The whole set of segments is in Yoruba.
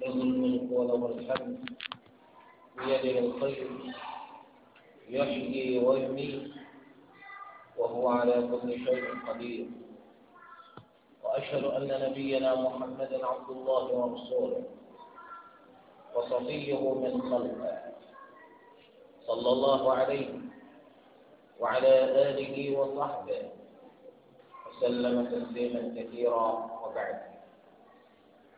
له الملك وله الحمد بيده الخير يحيي ويميت وهو على كل شيء قدير واشهد ان نبينا محمدا عبد الله ورسوله وصفيه من خلقه صلى الله عليه وعلى اله وصحبه وسلم تسليما كثيرا وبعد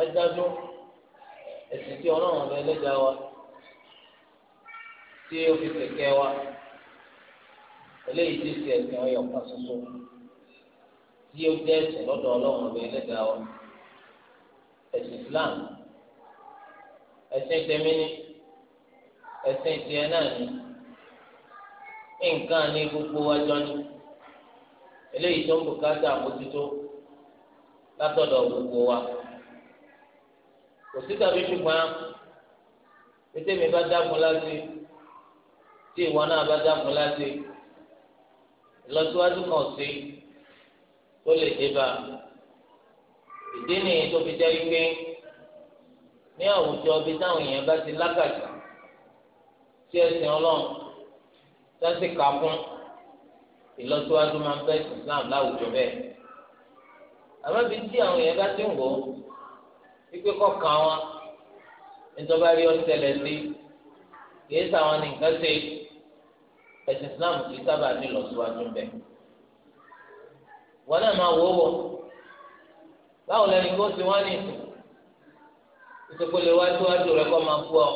ẹdájú ẹsìn tí ọlọ́run ọ̀bẹ ẹlẹ́dàá wa tí ó fi kẹ̀kẹ́ wa eléyìí ti fi ẹ̀sìn ọyọ̀ kan ṣoṣo tí ó jẹ́ ẹ̀sìn lọ́dọ̀ ọlọ́run ọ̀bẹ ẹlẹ́dàá wa ẹ̀sìn Islam ẹ̀sìn tẹ̀mínì ẹ̀sìn tiẹ̀ náà ni nǹkan ní gbogbo wájọ́ ni eléyìí tó ń bùkátà àmójútó látọ̀dọ̀ gbogbo wa kò sí tàbí ṣùgbọ́n pété mi bá dákun láti tí ìwọ náà bá dákun láti ìlọsíwájú kan sí tó lè dé bá ìdí nìyí tó fi jẹ́ wípé ní àwùjọ bíi táwọn èèyàn bá ti lákàtà tí ẹsìn ọlọ́run tó ti fún ìlọsíwájú máa ń bẹ́ Islam láwùjọ bẹ́ẹ̀ àmọ́ bíi tí àwọn èèyàn bá ti ń wò ó ikpe kọkàn wọn nítorí àrí ọ̀sẹ̀lẹ̀ sí kìí sàwọn nìkan ṣe ẹ̀sìn Islam kìí sábà ní lọ́síwájú bẹ́ẹ̀. wọn náà máa wò ó wọ báwo lẹni kó ti wá ní ìsìn ìsìnkú lè wá síwájú rẹ kó máa kú ọ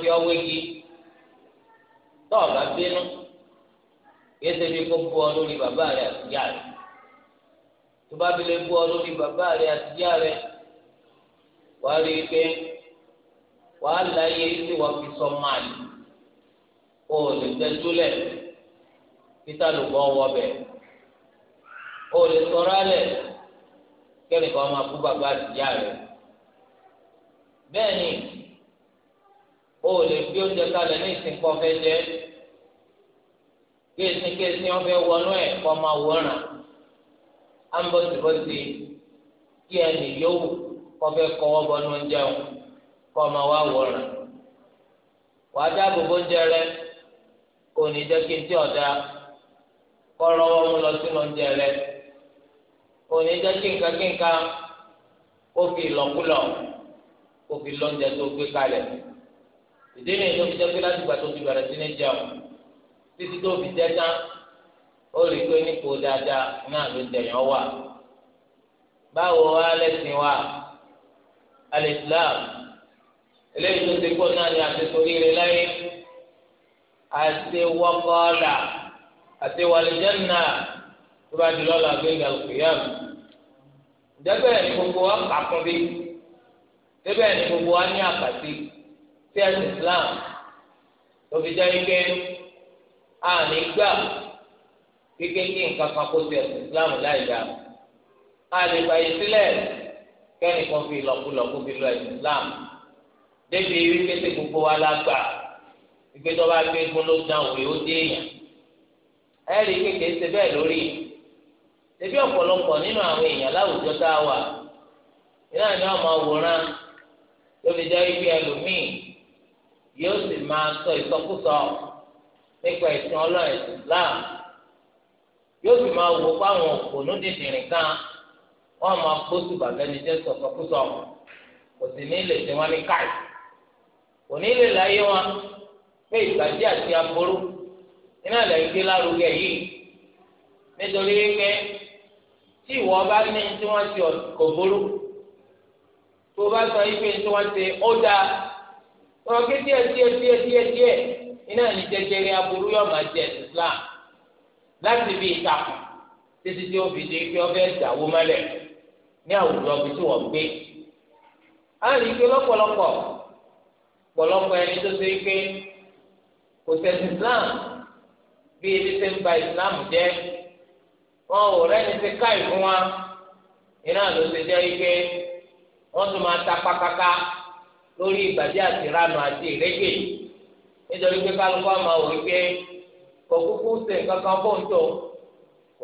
fi ọwọ́ igi tọ́ọ̀ bá bínú kìí ṣe kó bu ọ lórí bàbá rẹ àti ìyá tó bá fi lè bú ọ lórí bàbá rẹ àti ìyá rẹ wà á rí i pé wàá láyé tí wọ́n fi sọ máa lò ó lè tẹ́júlẹ̀ títà ló bọ́ wọ bẹ̀ ó lè sọ̀rọ̀ alẹ̀ kẹ́nìkan máa kú bàbá àti ìyá rẹ bẹ́ẹ̀ ni o lè fi oúnjẹ kalẹ̀ ní ìsìnkọ́ fẹ́ jẹ́ kí ìsìnkéṣin ọ̀fẹ́ wọnú ẹ̀ kọ́ máa wọ́ràn à ń bọ̀sibọ̀si kí ẹnì yòówù kọfẹ́ kọ́wọ́ bọ́nú oúnjẹ wọn kọ́ ọmọ wa wọ̀ràn wàá dáàbò bó oúnjẹ rẹ kò ní jẹ́ kí n tí ọ̀dà kọ́ lọ́wọ́ mú lọ sínú oúnjẹ rẹ kò ní jẹ́ kí nǹkan kí nǹkan kó fi ìlọ́kulọ̀ kó tó gbé kalẹ̀ ìdí nìyí tó fi jẹ́ pé láti gbà sí ní jẹun títí tó fi jẹ́ ó rí i pé nípò dáadáa náà ló dẹ̀yàn wà báwo wá lẹ́sìn wa alìsílám eléyìí tó ti kó náà ni àti torí rẹ láyé àti wọ́kọ́ọ̀dà àti wàlìjẹ́nà tó bá di lọ́la gbẹ̀ngà òkèèyàn jẹ́bẹ̀ ni gbogbo wa kàkún bí jẹ́bẹ̀ ni gbogbo wa ní àkàtì sí ẹ̀sìn Islam tó fi jẹ́ ike àní gbà kéke ní nǹkan kan kó ti ẹ̀sìn islam láì dá a lè fàyè sílẹ̀ kẹ́nìkan fi lọ́kùlọ́kù fi lọ ẹ̀sìn islam débi wípé tí gbogbo wa la gbà wípé tó bá gbé fún ló dán òwe ó dé èèyàn ẹ rí kéke ṣe bẹ́ẹ̀ lórí ṣebí ọ̀pọ̀lọpọ̀ nínú àwọn èèyàn láwùjọ tá a wà iná ni wọ́n máa wòran tó fi jẹ́ ibi ẹlòmíì yóò sì máa sọ ìsọkúsọ nípa ìsìn ọlọ́ọ̀ ìsìn islam yóò sì máa wò fáwọn òkùnú dídìrín kan wọn máa kó tùbà lẹni jẹ sọsọkúsọ kò sì ní lè ṣe wọn ní káì kò ní lè láyé wọn pé ìbàjẹ́ àti aburú iná lẹ́yìn gbé lárugẹ yìí nítorí pé tí ìwọ bá ní tí wọ́n ti kò burú tó o bá sọ ife tí wọ́n ti ó dáa ọ̀rọ̀ kí díẹ̀ díẹ̀ díẹ̀ díẹ̀ iná ní jẹjẹrẹ aburú yóò máa jẹ Islam láti bí ìtakùn títí tí ó fi dé pé ọbẹ̀ ìdàwó mọ́lẹ̀ ní àwùjọ ibi tí wọ́n gbé. a rí i pé lọ́pọ̀lọpọ̀ pọ̀lọpọ̀ ẹni tó ṣe pé kò sẹ́sì Islam bí ebi ṣe ń ba Islam jẹ́ wọn ò rẹ́ni ṣe káì fún wa iná ló ṣe jẹ́ pé wọ́n tún máa ta pákáká lórí ìbàjẹ́ àti ìranù àti ìrẹ́gbẹ̀ẹ́ nítorí pé kálukú àmọ́ òwe pé. kò kúkú ṣe o kan fóun tó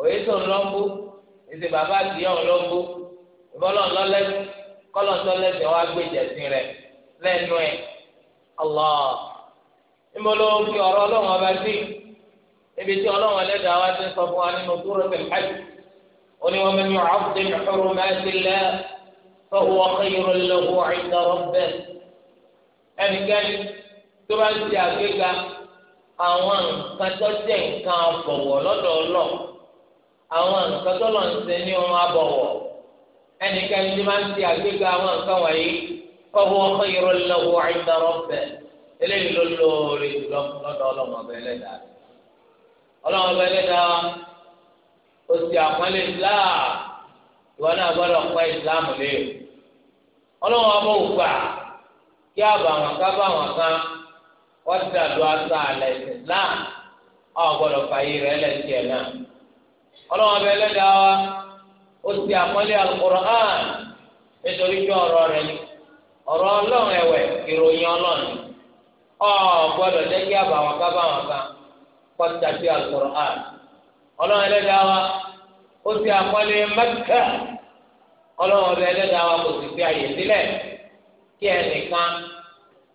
òye tó bàbá àti ọ̀hún ìbọ́lọ́ kọ́lọ́ wá gbé rẹ̀ lẹ́nu ẹ̀ ọ̀rọ̀ ibi tí wá ti sọ fún wa nínú kúrò hajj àwọn nǹkan tó jẹ́ nǹkan àbọ̀wọ̀ lọ́dọ̀ ọlọ́ àwọn nǹkan tó lọ́n ṣe ní ohun àbọ̀wọ̀ ẹnikẹ́ni tí máa ń ti àwọn nǹkan kọ́wọ́ ọkọ yìí rọlẹ́ wọ àìdárọ̀ bẹ̀ eléyìí ló lóore jùlọ lọ́dọ̀ ọlọ́mọ ó ti àpọ́nlé islam ìwọ náà gbọ́dọ̀ islam kí àbàwọ̀n ká bàwọ̀n kan. ọ̀dà ló aṣọ àlẹ́ islam ọ̀gbọ́dọ̀ fàyè rẹ̀ lẹ́sẹ̀ náà ọlọ́wọ́n bẹ lẹ́dàá wa ó ti àpọ́nlé alukur'an nítorí pé ọ̀rọ̀ rẹ̀ ni ọ̀rọ̀ ọlọ́run ẹ̀wẹ̀ ìròyìn ọlọ́run ọ̀gbọ́dọ̀ lẹ́yìn àbàwọ̀n kábàwọ̀n kan kọ́ta sí alukur'an ọlọ́run ẹlẹ́dàá wa ó ti àpọ́nlé mẹ́kà wa kò sì fi àyè sílẹ̀ kí ẹnìkan.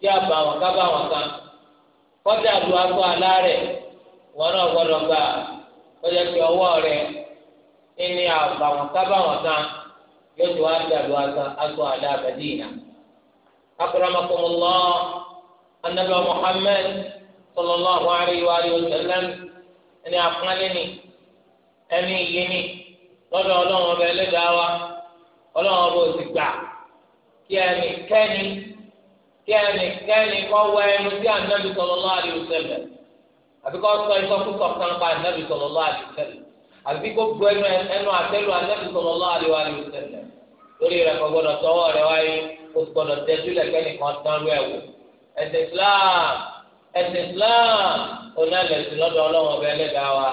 kí a bá wọn ká bá wọn kan kọjá lu agbọ alárẹ wọn náà gbọ́dọ̀ gbà kọjá fi ọwọ́ rẹ ní àbá wọn ká bá wọn kan yóò tó wá dà lu agbọ alábàdí iná. akramakum allah anabi muhammed sallallahu alayhi wa sallam ẹni àpọnlẹ́ni ẹni ìyẹnì lọ́dọ̀ ọlọ́run ọba ẹlẹ́dàá wa ọlọ́run ọba òsì gbà kí ẹni kẹ́ni kẹ́ni kẹ́ni kọ́ wọ ẹnu sí ànábì sallallahu alaihi wasallam àbí kọ́ sọ ìsọkúsọ kan pa ànábì sallallahu alaihi wasallam àbí kó bu ẹnu ẹnu àtẹ́lu ànábì sallallahu alaihi wasallam lórí rẹ̀ kọ́ gbọ́dọ̀ tọwọ́ rẹ̀ wáyé kó gbọ́dọ̀ tẹ́jú lẹ̀ kẹ́ni kan tán lú ẹ̀wò ẹ̀sìn Islam ẹ̀sìn Islam onálẹ̀sìn lọ́dọ̀ ọlọ́wọ́n ọbẹ̀ ẹlẹ́dàá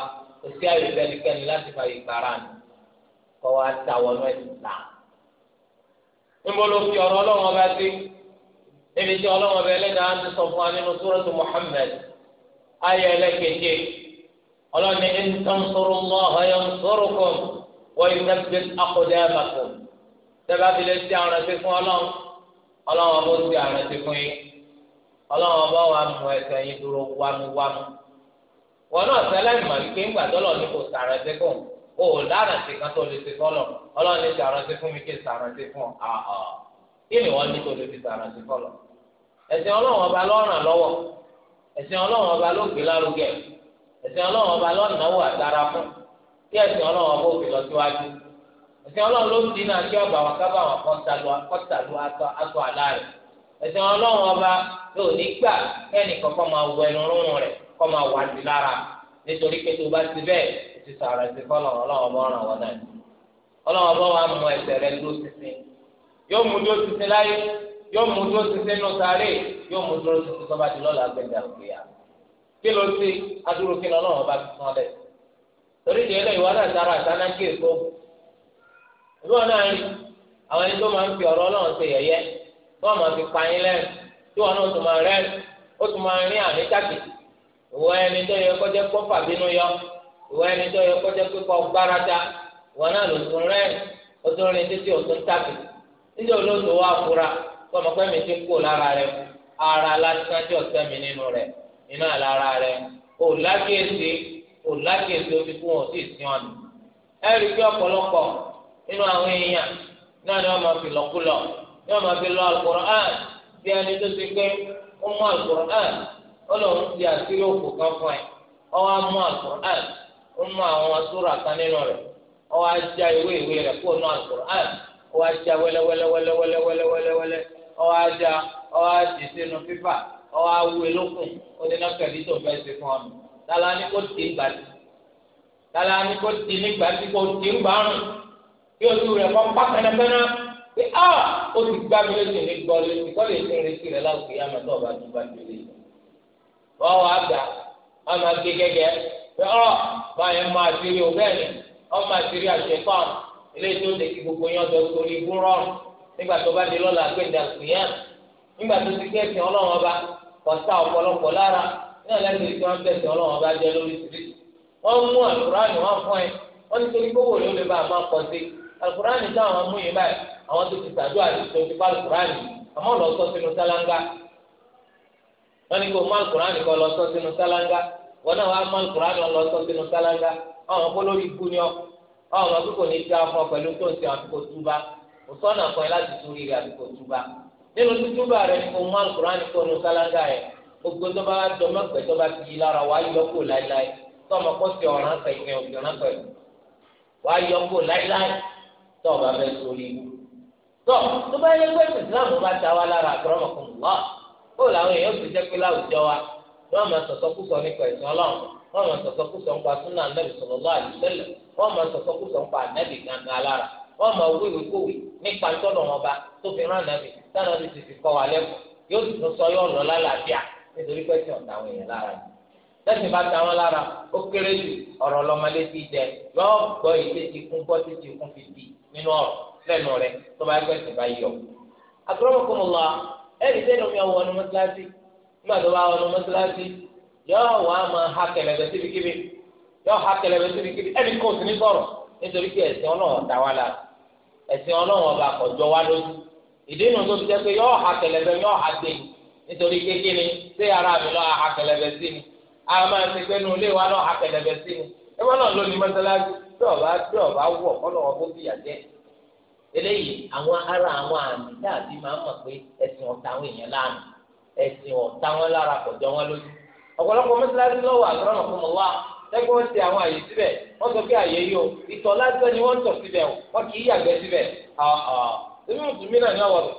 níbi tí ọlọ́wọ́n bẹ ẹlẹ́dàá ti sọ fún wa nínú sóròtò Muhammad ayé ẹlẹ́kẹ̀jẹ ọlọ́ni in tansurullaha yansurkum wa yuthabbit aqdamakum tẹ́lá ti lè ti àrùn ẹ̀sìn fún ọlọ́run ọlọ́run ọba ó ti àrùn ẹ̀sìn fún yín ọlọ́run ọba wa mú ẹsẹ̀ yín dúró wámúwámú wọn náà sẹ́lẹ̀ mọ̀ ẹ̀sìn ọlọ́run ọba lọ́ràn lọ́wọ́ ẹ̀sìn ọlọ́run ọba ló gbé lárugẹ ẹ̀sìn ọlọ́run ọba lọ́nàwó àtàrà fún kí ẹ̀sìn ọlọ́run ọba lọ síwájú ẹ̀sìn ọlọ́run ló ń dín náà kí ọba wọn kábà wọn kọ́tàlú ọba ní gbà kẹ́ni kọ́kọ́ máa wọ ẹnu rúnrún kọ́ máa wà sí lára nítorí pé tó bá ti bẹ́ẹ̀ ti sí yóò mú dúró títí nù sáré yóò mú dúró títí tó bá di lọ́la gbẹ̀dẹ̀ àgbéyà kí ló ti adúró kí ọba fi tán lẹ̀ torí ìdí ẹlẹ́yìn wà láti ara àtàná kí èso ìlú náà rí àwọn ẹni tó máa ń fi ọ̀rọ̀ ọlọ́run ṣe máa fi pa yín tí wọn náà tó máa rẹ́ ó tó máa rí àmì ìwọ ẹni tó yẹ kọjá fàbínú yọ ìwọ ẹni tó yẹ kọjá ìwọ náà lò sọmọ pé mi ti kó lára rẹ ara lásán tí ọ̀sẹ̀ mi nínú rẹ iná lára rẹ ò lákèsí ò lákèsí o ti kú wọn sí ìsìn ọ̀nà ẹ rí bí ọ̀pọ̀lọpọ̀ nínú àwọn èèyàn náà ni wọ́n máa fi lọ́kúlọ̀ ni wọ́n máa fi lọ bí ẹni tó ti pé ó mú ó lòun ti òkú kan ọ wá mú Al-Qur'an ó mú àwọn sóra kan nínú rẹ ọ wá já ìwé ìwé rẹ kó ọwọ́ aja, ọwọ́ ajì sínú fífà ọwọ́ awu elókun onínàkàlí tó fẹ́ ṣe fún ọ̀nà tala ni kò tì ń tí tala ni kò tì ní tí kò tì ń gbàrún bí pa pé a o ti gbá mi ní kọ́ lè láwùjọ yá mẹ́tọ́ ọba tó bá tó lé pé ọ máa rí o bẹ́ẹ̀ ni rí àṣẹ nígbà tó bá di lọ́la gbẹ̀dà kìíyàn nígbà tó ti kí ẹ̀sìn ọlọ́run ọba kọ̀ọ̀tà ọ̀pọ̀lọpọ̀ lára náà lẹ́sìn tí wọ́n bẹ̀sìn ọlọ́run ba jẹ́ lórí sídìí wọ́n mú àlùkùránì wọn fún ẹ wọ́n ti torí gbówó ló lè bá a máa kọ́ sí àlùkùránì táwọn mú yìí báyìí àwọn tó ti sàdó àdìsọ ti bá àlùkùránì àmọ́ lọ sọ sínú sálángá wọ́n ní kó mú àlùkùránì kọ́ lọ sọ sínú sálángá wọn náà wá mú àlùkùránì lọ sọ sínú sálángá àwọn kó lórí ikú ni ọ àwọn ọmọ kíkò ní í dá fún ọ pẹ̀lú tó ń ṣe àfikò túbá kò sọ́nà kan ẹ láti torí rẹ àbí kò túbà nínú túbà rẹ ni kò mú alukurani kó nu sálágà yẹ gbogbo tó bá dọmọ pẹ tó bá ti lára wàá yọ kó láéláé tọmọ kó ti ọ̀ràn kan ìpín ọ̀gbìnrán pẹ̀lú wàá yọ kó láéláé tó o bá fẹ́ sórí ibu tó tó bá yẹ pé islam bá ta wá lára àkọrọmọ kò wá kó làwọn èèyàn ti jẹ́ pé láwùjọ wa wọn máa sọ̀tọ̀ kú sọ nípa ẹ̀sìn ọlọ́run wọn máa sọ̀tọ̀ kú sọ nípa súnà anábì sallallahu alaihi wasallam wọn máa sọ̀tọ̀ kú sọ nípa anábì gangan lára wọ́n máa wí ìwé kówì nípa ìtọ́lọ̀ wọn bá tó fi rán nàbì sáà bí ti fi kọ́ wa lẹ́kọ̀ọ́ yóò sì tún sọ yóò lọ lálàáfíà nítorí pé tí ọ̀tá àwọn èèyàn lára ni tẹ́sí bá ta wọn lára ó kéré jù ọ̀rọ̀ lọ́mọdé ti jẹ yọ gbọ́ ìdè ti kún gbọ́ ti ti kún fi di nínú ọ̀rọ̀ lẹ́nu rẹ tó bá gbẹ̀ sí bá yọ. akramakumullah ẹ̀rí sẹ́nu mi ọ̀wọ́ ní mọ́sálásí nígbà tó bá wọ́n ní mọ́sálásí yọ wọ́n á máa ha kẹlẹ̀bẹ̀ síbikíbi yọ ha kẹlẹ̀bẹ̀ síbikíbi ẹ̀rí kò sí ní sọ̀rọ̀ nítorí pé ẹ̀sìn ọlọ́run ta wá lára. ẹ̀sìn ọlọ́run ọba àkọ́jọ wa lójú ìdínà tó fi jẹ́ pé yọọ ha kẹlẹ́bẹ yọọ ha dé nítorí kékeré ṣé ara mi lọ́ọ́ ha kẹlẹ́bẹ sí ni a máa ti pé nu ilé wa ha kẹlẹ́bẹ sí ni ẹgbẹ́ náà ló ní tí ọba tí ọba jẹ eléyìí àwọn àwọn àmì dàbí máa pé ọ̀tá àwọn èèyàn ọ̀tá wọn lẹ́gbẹ́ wọ́n ti àwọn àyè síbẹ̀ wọ́n sọ pé àyè yìí o ìtọ̀ lásán ni wọ́n tọ̀ síbẹ̀ o wọ́n kì í yàgbẹ́ síbẹ̀ ẹ̀mí mùsùlùmí náà ní ọ̀wọ́dọ̀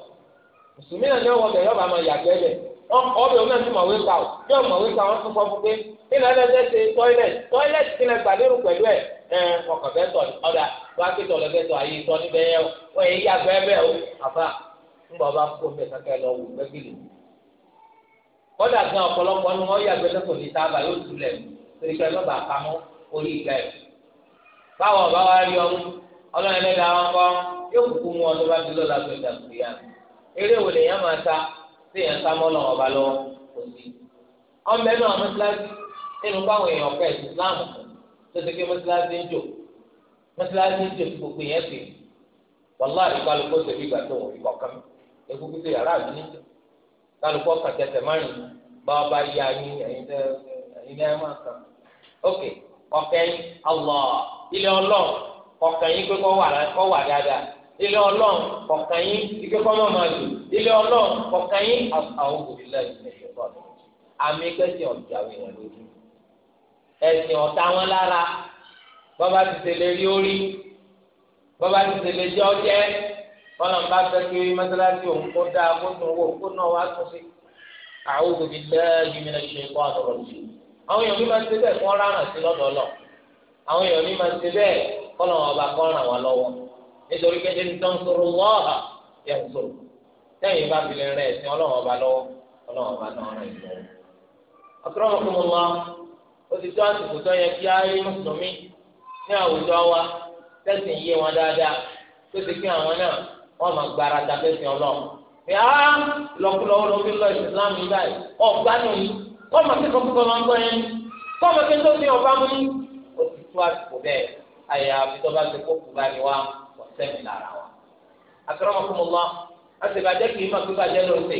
mùsùlùmí náà ní ọ̀wọ́dọ̀ máa yàgbẹ́ o bí ọmọ òwe ká wọ́n tún fọ́ fún pé ilẹ̀ ẹlẹ́sẹ̀ ṣe tọ́ílẹ̀t tọ́ílẹ̀t kí lẹ pẹ̀lú ẹ̀ ẹ̀ ọ̀dà wá pé tọ̀ ọba kó bẹ̀ kankan lọ wò gbẹ́gbìlì kọ́dà gan ọ̀pọ̀lọpọ̀ torí pé lọ́ba àpamọ́ orí ìgbà ẹ̀. báwo ọba wa rí ọmú ọlọ́run ẹlẹ́dàá wọn kọ́ yóò kúkú mú ọdún bá ti lọ́la tó ìjà kù yá. eré wo lèèyàn máa ta tí èèyàn sá mọ́ ọba lọ́wọ́ kò sí. ọmọ ẹnu àwọn mọ́sálásí nínú báwọn èèyàn ọ̀kẹ́ Islam tó ti ké mọ́sálásí ń jò mọ́sálásí ń jò tí gbogbo èèyàn sì wàlá ìbálòpọ̀ tẹ̀lé ìgbà tó wọ̀ ìkọ̀kan egungun tó yàrá àdúgbò kálukọ́ kàtẹ́tẹ̀ márùn-ún bá yá ní ẹ̀yin tẹ́ ilé ayé máa kàn ok ọkẹyìn ọlọ ilé Ọlọ́run ọkẹyìn pé kọ wà dáadáa ilé Ọlọ́run ọkẹyìn ike kọ máa máa lò ilé Ọlọ́run ọkẹyìn àwọn òbílẹ ìṣẹṣẹ bọọlù àmì kẹsì ọjà wíwọn lójú ẹsìn ọ̀tá wọn lára bọba ti tẹ́lẹ̀ rí orí bọba ti tẹ́lẹ̀ jẹ ọjẹ bọlọ nbà fẹ kí mọ́sálásí òun kó dáa kó tún wò kó náà wá tún sí àwọn òbílẹ yìí mi àtọrọ sí àwọn èèyàn mi máa ń ṣe bẹ́ẹ̀ kọ́ rárá sí lọ́dọọlọ àwọn èèyàn mi máa ń ṣe bẹ́ẹ̀ kọ́ lọ́wọ́ ọba kọ́ ràn wá lọ́wọ́ nítorí pé ẹni tó ń sọ̀rọ̀ wọ́ọ̀hà yẹ ń sọ̀rọ̀ sẹ́yìn bá fi lè rẹ̀ ẹ̀sìn ọlọ́wọ́ ọba lọ́wọ́ ọlọ́wọ́ ọba náà rẹ̀ lọ́wọ́. akọ́rọ́mọkùnmọ́wá ó ti tó àsìkò tó yẹ kí á rí mùsùlùmí ní àwùjọ wa tẹ́sìn yé wọn dáadáa tó ti kí kọ́mọ kí kọ́kọ́ máa ń gbọ́ yẹn kọ́mọ kí tó fi ọba mú ó ti tó àsìkò bẹ́ẹ̀ àyà àfitọ́ba ti kó kú báyìí wá ọ̀sẹ̀mì lára wa. àtúrọ̀mọ̀ fún mi lọ àtìbàjẹ́ kì í máa fi bàjẹ́ lọ sí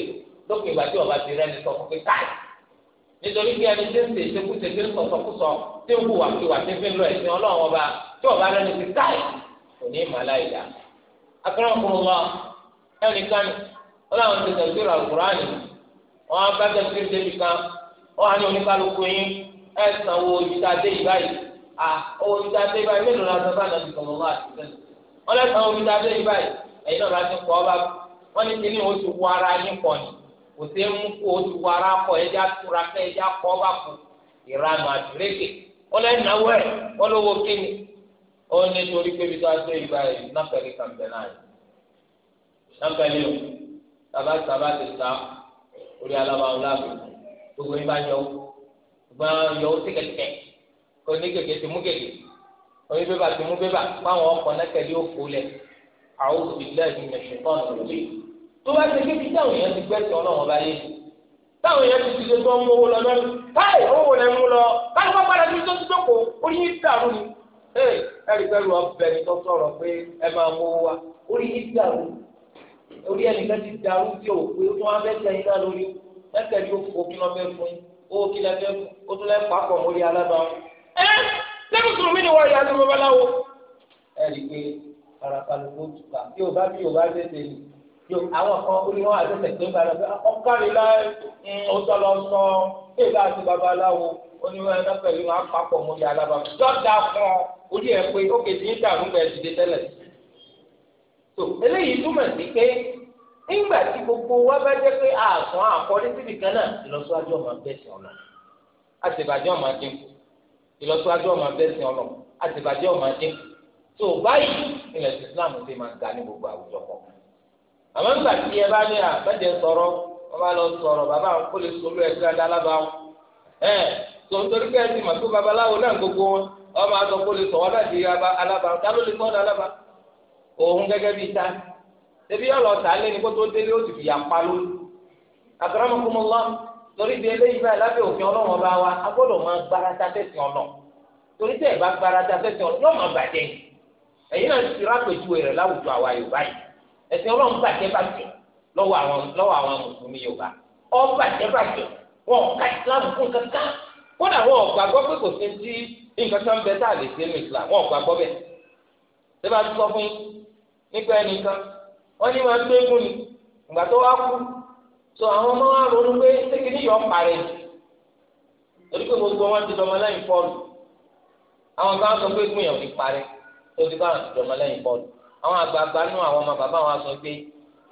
lópin ìgbà tí ọba ti rẹ́ ni sọ fún pé táì nítorí kí ẹni tí ń ṣe ìṣekúṣe tí ń sọ̀sọ̀kúsọ tí ń hùwà kíwà tí ń fi lọ ẹ̀sìn ọlọ́run ọba tí ọba rẹ ni ti táì kò ní ìmọ̀ aláìdá. akọ́rọ̀kùn lọ ẹnìkan ọlọ́run ti tẹ̀síra àlùkùránì wọn bá tẹ̀síra débi kan ó wà ní oníkálukú yín ẹ sanwó olùdádé yìí báyìí à olùdádé báyìí mélòó la sọ fún àdàbí sọmọ wá àti sẹlẹ wọn lè sanwó olùdádé yìí báyìí ẹ̀yin náà bá ti kọ ọ bá wọn ní o ti wọ ara yín pọ ni kò sí mú kó o ti wọ ara pọ ẹjá túra kẹ ẹjá kọ ọ bá kú ìranù àdúrékè wọn lè náwó ẹ wọn lówó kíni ó ní torí pé bíi tó a tó ìgbà yìí nàpẹ̀lẹ̀ kàmpẹ̀ náà yìí nàpẹ̀lẹ̀ o tàbá tàbá ti ta orí alábàáwò láàbò gbogbo yín bá yọ ó gbọ́n yọ ó tìkẹ̀tìkẹ̀ kò ní gègé ti mú gègé oní bébà ti mú bébà fáwọn ọkọ̀ nẹ́kẹ̀lé òkú lẹ̀ àwọn olùdílẹ̀dì mẹ̀sìnkọ́nù lòlẹ́ tó bá ti kébi táwọn èèyàn ti gbẹ́sẹ̀ ọlọ́wọ́n bá yé táwọn èèyàn ti ti ṣe tó ń mú owó lọ lọ́nu káì owó lẹ mú lọ káì wọ́n padà sí tó ti dọ́kọ̀ orí yín dàrú ni ẹ̀rí pẹ̀lú ọbẹ̀ ni tó sọ̀rọ̀ pé ẹ máa mú owó wa orí yín dàrú orí ẹnìkan ti dàrú tí ò pé ó tún wá bẹ́ẹ̀ lẹ́sẹ̀ yóò fò kí lọ́ọ́ fẹ́ fún yín owó kí lọ́ọ́ fẹ́ fún ó tún lẹ́ẹ̀ pàápọ̀ mórí alábàáwọn. ẹ lẹ́nu sùn mí ni wọ́n yà á ní babaláwo. ẹ rí i pé parapalùkù tùkà yóò bá bí o bá tètè lè yóò àwọn kan ó ní wọn àti tẹ̀sẹ̀ ń balẹ̀ ọkàlì la ó sọ lọ sọ ẹ bá ti babaláwo ó ní wọn lọ́pẹ̀ yìí wọn á pàápọ̀ mórí alábàáwọn. dọ́ta fún ọ orí ẹ pé ó kè nígbà tí gbogbo wa bá jẹ́ pé àtún àkọ́rí síbi kan náà ìlọsíwájú ọmọ bẹ́sẹ̀ ọ̀nà àtìbàjẹ́ ọmọ dínkù ìlọsíwájú ọmọ bẹ́sẹ̀ ọ̀nà àtìbàjẹ́ ọmọ dínkù tó báyìí ilẹ̀ Islam ti máa ga ní gbogbo àwùjọ kan àmọ́ nígbà tí ẹ bá ní àbẹ́jẹ sọ̀rọ̀ wọ́n bá lọ sọ̀rọ̀ bàbá àwọn kó lè sọ̀rọ̀ ẹ̀ síra dálábà wọn ẹ̀ tó ń torí kẹ́ ẹ ti mà tó babaláwo náà gbogbo wọn wọ́n máa sọ kó lè sọ̀rọ̀ láti alábà ta ló lè sọ̀rọ̀ alábà òun gẹ́gẹ́ bíi ta ebi ọlọ sàálẹ ni kótó délé ó sì fi yàpá lórí akramakumullah torí bí eléyìí báyìí lábẹ́ òfin Ọlọ́run ọba wa a gbọ́dọ̀ máa gbárata fẹsẹ̀ ọlọ torí tẹ ẹ bá gbárata fẹsẹ̀ ọlọ yóò máa bàjẹ́ ẹ̀yin náà ti rápẹjù rẹ láwùjọ àwa Yorùbá yìí ẹ̀sìn Ọlọ́run bàjẹ́ bàjẹ́ lọ́wọ́ àwọn lọ́wọ́ àwọn mùsùlùmí Yorùbá ọ bàjẹ́ bàjẹ́ wọn ká Islam fún kankan kódà wọn gbàgbọ́ pé kò sí ti nǹkan tó ń bẹ tá a lè ṣe ní Islam wọn gbàgbọ́ bẹ ṣé bá tún sọ fún nípa ẹnìkan wọ́n ní máa gbégún ni ìgbà tó wá kú tó àwọn ọmọ wa ronú pé ṣéèkì ní yọ̀ọ́ parẹ́ torí pé gbogbo wọn ti dọmọ lẹ́yìn pọ́ọ̀lù àwọn kan sọ pé gbìyànjú ti parẹ́ tó ti bá àwọn ti dọmọ lẹ́yìn pọ́ọ̀lù àwọn àgbààgbà nù àwọn ọmọ bàbá wọn sọ pé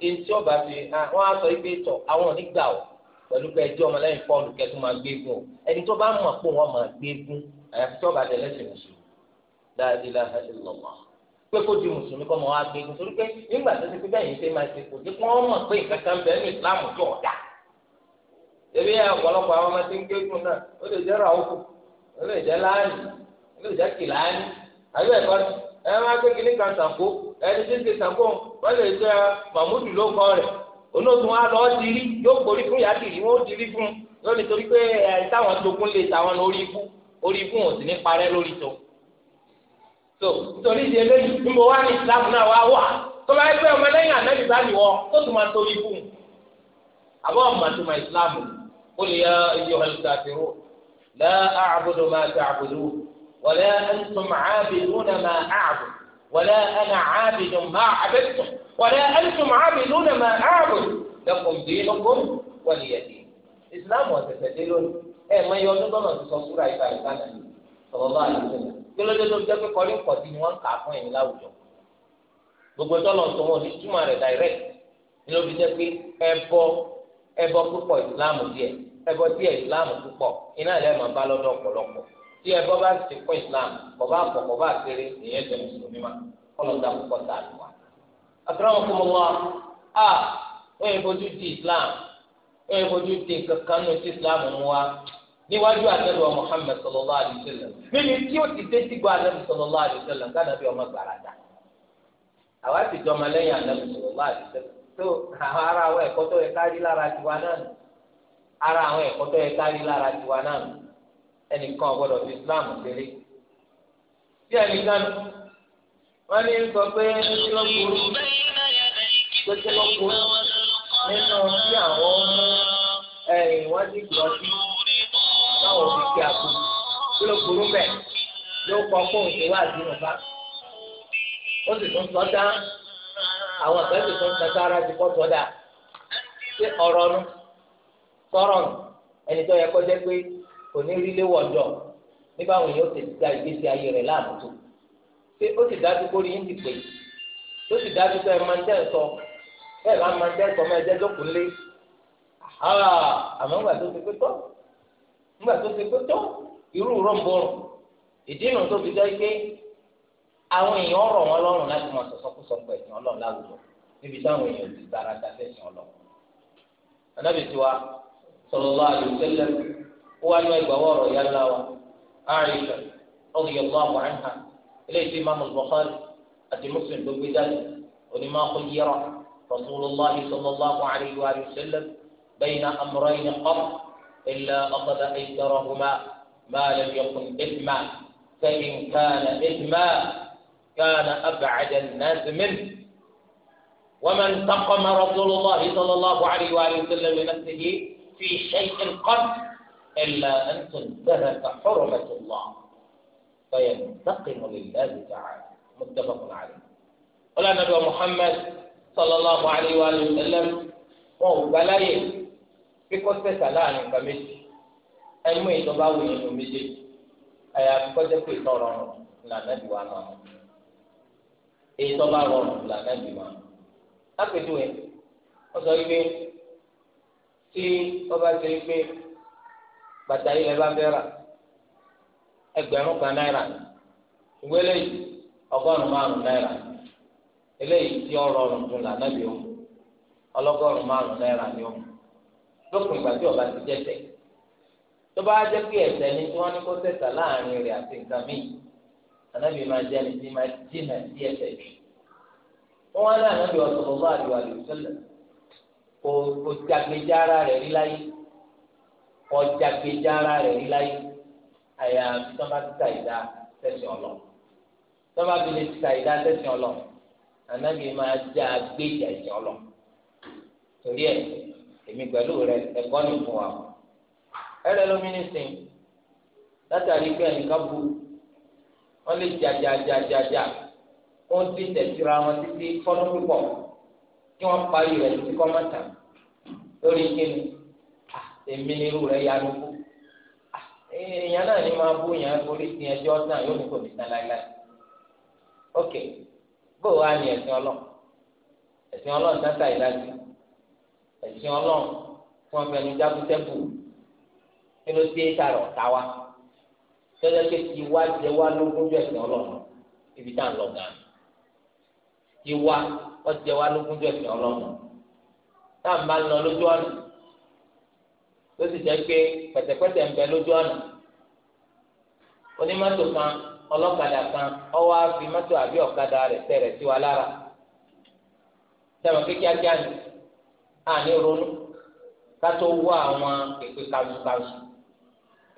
eŋti ọba fi wọn á sọ ibi tọ àwọn onígbà o pẹ̀lú pé ẹjọ́ ọmọlẹ́yìn pọ́ọ̀lù kẹtù máa gbégún o ẹni tó bá mọ̀ pé wọ́n máa gbégún àyàfi tí ọba tẹ̀lé sí mùsùlùmí dáadéé láhàlì lọ́wọ́. pé kó di mùsùlùmí kọ́ mọ́ wá gbé nítorí pé nígbà tó ti fi bẹ́ẹ̀ yìí ṣe máa ṣe kò ní kí wọ́n mọ̀ pé nǹkan kan bẹ́ẹ̀ ní ìsìláàmù tó ọ̀dà. ebi yẹn ọ̀pọ̀lọpọ̀ àwọn ọmọ tí ń kékun náà ó lè jẹ́ ràwùkù ó lè jẹ́ láàánì ó lè jẹ́ kìláàánì àbí ẹ̀kọ́ ẹ máa sàǹkó ẹni tí ń ṣe sàǹkó wọ́n lè jẹ́ màmúdù rẹ̀ olóòtú wa dirí yóò fún dirí fún lónìí torí pé ẹ̀ so nítorí ìdí eléyìí níbo wá ní ìsìlámù náà wá wà tó bá yẹ pé ọmọ lẹ́yìn ànábì bá lù wọ́ tó tún máa torí fún un àbọ̀ ọmọ tó máa ìsìlámù ó lè iye lẹ́ kílódé tó ń jẹ́ pé kọ́lé kọ̀tì ni wọ́n ń kà fún ẹ̀yìn láwùjọ gbogbo tọ́lọ̀ tó wọn ní túmọ̀ rẹ̀ direct ni ló fi jẹ́ pé ẹbọ ẹbọ púpọ̀ ìsìláàmù díẹ̀ ẹbọ díẹ̀ ìsìláàmù púpọ̀ iná ilẹ̀ máa bá lọ́dọ̀ ọ̀pọ̀lọpọ̀ tí ẹbọ bá ti kọ́ ìsìláàmù kọ̀ bá pọ̀ kọ̀ bá kéré ìyẹn jẹ́ mùsùlùmí ma kọ́lọ̀ dá púpọ̀ wa. àtúrọ̀mù fún mi wá a ó yẹ fojú di ìsìláàmù ó yẹ fojú di kankan nù tí ìsìláàmù mú wa níwájú àtẹ̀lé wa Muhammad sallallahu alayhi wa sallam níbi tí ó ti dé sígbó àtẹ̀lé sallallahu alayhi wa sallam kánàbí ọmọ gbàràdà àwa ti jọ ọmọlẹ́yìn àtẹ̀lé sallallahu alayhi wa sallam tó ara àwọn ẹ̀kọ́ tó yẹ kárí lára tiwa náà ara àwọn ẹ̀kọ́ tó yẹ kárí lára tiwa náà ẹnìkan gbọ́dọ̀ fi Islam délé bí ẹnìkan wọ́n ní sọ pé kílọ̀kùrù pé kílọ̀kùrù nínú báwo fi kí akú kí ló burú bẹ́ẹ̀ ló kọ́ fóun ṣe wá àdínú bá ó sì tún sọ àwọn àgbẹ̀ sì tún sọ sára ti kọ́ sọ sí ọ̀rọ̀ nu sọ̀rọ̀ nu ẹni tó yẹ kó jẹ́ pé kò ní rí léwọ̀jọ́ nígbà wọn yóò ti da ìgbésí ayé rẹ̀ láàmú pé ó sì dájú kó rí yín ti pè ó sì dájú pé ẹ máa ń tẹ̀ sọ bẹ́ẹ̀ bá máa ń tẹ̀ sọ máa ń tẹ̀ sọ kò lé àmọ́ ìgbà tó ti pé tó nígbà tó ṣe pé tó irú rọ̀mbọ̀rùn ìdí ìnà tó fi jẹ́ pé àwọn èèyàn rọ̀ wọ́n lọ́rùn láti máa sọ̀sọ́kúsọ pé ẹ̀sìn ọlọ́run láwùjọ níbi táwọn èèyàn ti gbára ta fẹ́sìn ọlọ́run. anábì tiwa sallallahu alaihi wasallam ó wá ní ẹgbàá wọ̀rọ̀ ìyá ńlá wa Aisha radiyallahu anha eléyìí tí imaamu Bukhari àti Muslim إلا أخذ أيسرهما ما لم يكن إثما فإن كان إثما كان أبعد الناس منه ومن انتقم رسول الله صلى الله عليه وآله وسلم لنفسه في شيء قط إلا أن تنتهك حرمة الله فينتقم لله تعالى متفق عليه قال النبي محمد صلى الله عليه وآله وسلم وهو بلايه kíkọ́ sẹ̀sà láàrin nǹkan méjì ẹ̀mú ìjọba wò nínú méjèèjì àyàfi kọ́jọ́ pé ìtọ́ rọrùn lànà ìwà máa ìtọ́ba rọrùn lànà ìwà lápẹ̀jùwẹ̀ wọ́n sọ wípé tí wọ́n ṣe wípé bàtà ilẹ̀ bá fẹ́ rà ẹgbẹ̀rún kan náírà ìwé lẹ́yìn ọgọ́rùn-ún márùn-ún náírà eléyìí tí lànà ọlọ́gọ́rùn-ún márùn-ún náírà ni lópin ìgbà tí ọba ti jẹ́sẹ̀ tó bá jẹ́ pé ẹ̀ṣẹ̀ ni tí wọ́n ní kó tẹ̀sà láàrin rẹ̀ àti nǹkan míì anábì máa jẹ́ ni tí máa jìnà sí ẹ̀ṣẹ̀ jù wọ́n wá ní anábì ọ̀sọ̀rọ̀ bá àdìwà lè sọ̀lẹ̀ kò kò jagbeja ara rẹ̀ rí láyé kò jagbeja ara rẹ̀ rí láyé àyà tó ti ta ìdá tẹ̀sán ọlọ́ tó bá lè ta ìdá tẹ̀sán ọlọ́ anábì máa jẹ́ agbèjà ìjọ ọlọ́ torí ẹ̀ṣẹ̀ èmi pẹ̀lú rẹ ẹ̀kọ́ ní fún wa ẹ̀rẹ́ lómi nísìn látàrí pé ẹnìkan bu wọ́n lè jàjàjàjàjà wọ́n ti tẹ̀síra wọn títí fọ́nú púpọ̀ kí wọ́n parí rẹ̀ títí kọ́ mọ́ta lórí kíni èmi nírú rẹ̀ yanu kú èèyàn náà ni máa bú yàn orí ti ẹjọ́ náà yóò ní kò ní tán láéláé ok bó o wá ní ẹ̀sìn ọlọ́ọ̀ ẹ̀sìn ọlọ́ọ̀ dáta ìdájú ẹ̀sìn ọlọ́run fún ọ̀fẹ́nu jágútẹ́kù kí ló dé sàrọ̀ táwa tọ́jọ́ pé ti wá jẹ wá lógún jọ ẹ̀sìn ọlọ́run ibi tá à ń lọ gan ti wá ọjẹ wá lógún jọ ẹ̀sìn ọlọ́run tá à ń bá ń lọ lójú ọ̀nà tó sì jẹ́ pé pẹ̀tẹ̀pẹ̀tẹ̀ ń bẹ lójú ọ̀nà onímọ́tò kan ọlọ́kadà kan ọwọ́ á mọ́tò àbí ọ̀kadà rẹ̀ tẹ̀rẹ̀ sí wa lára sẹ́wọ̀n kékeré ajá ni àní ronú kátó wá àwọn pèpè kanṣukanṣu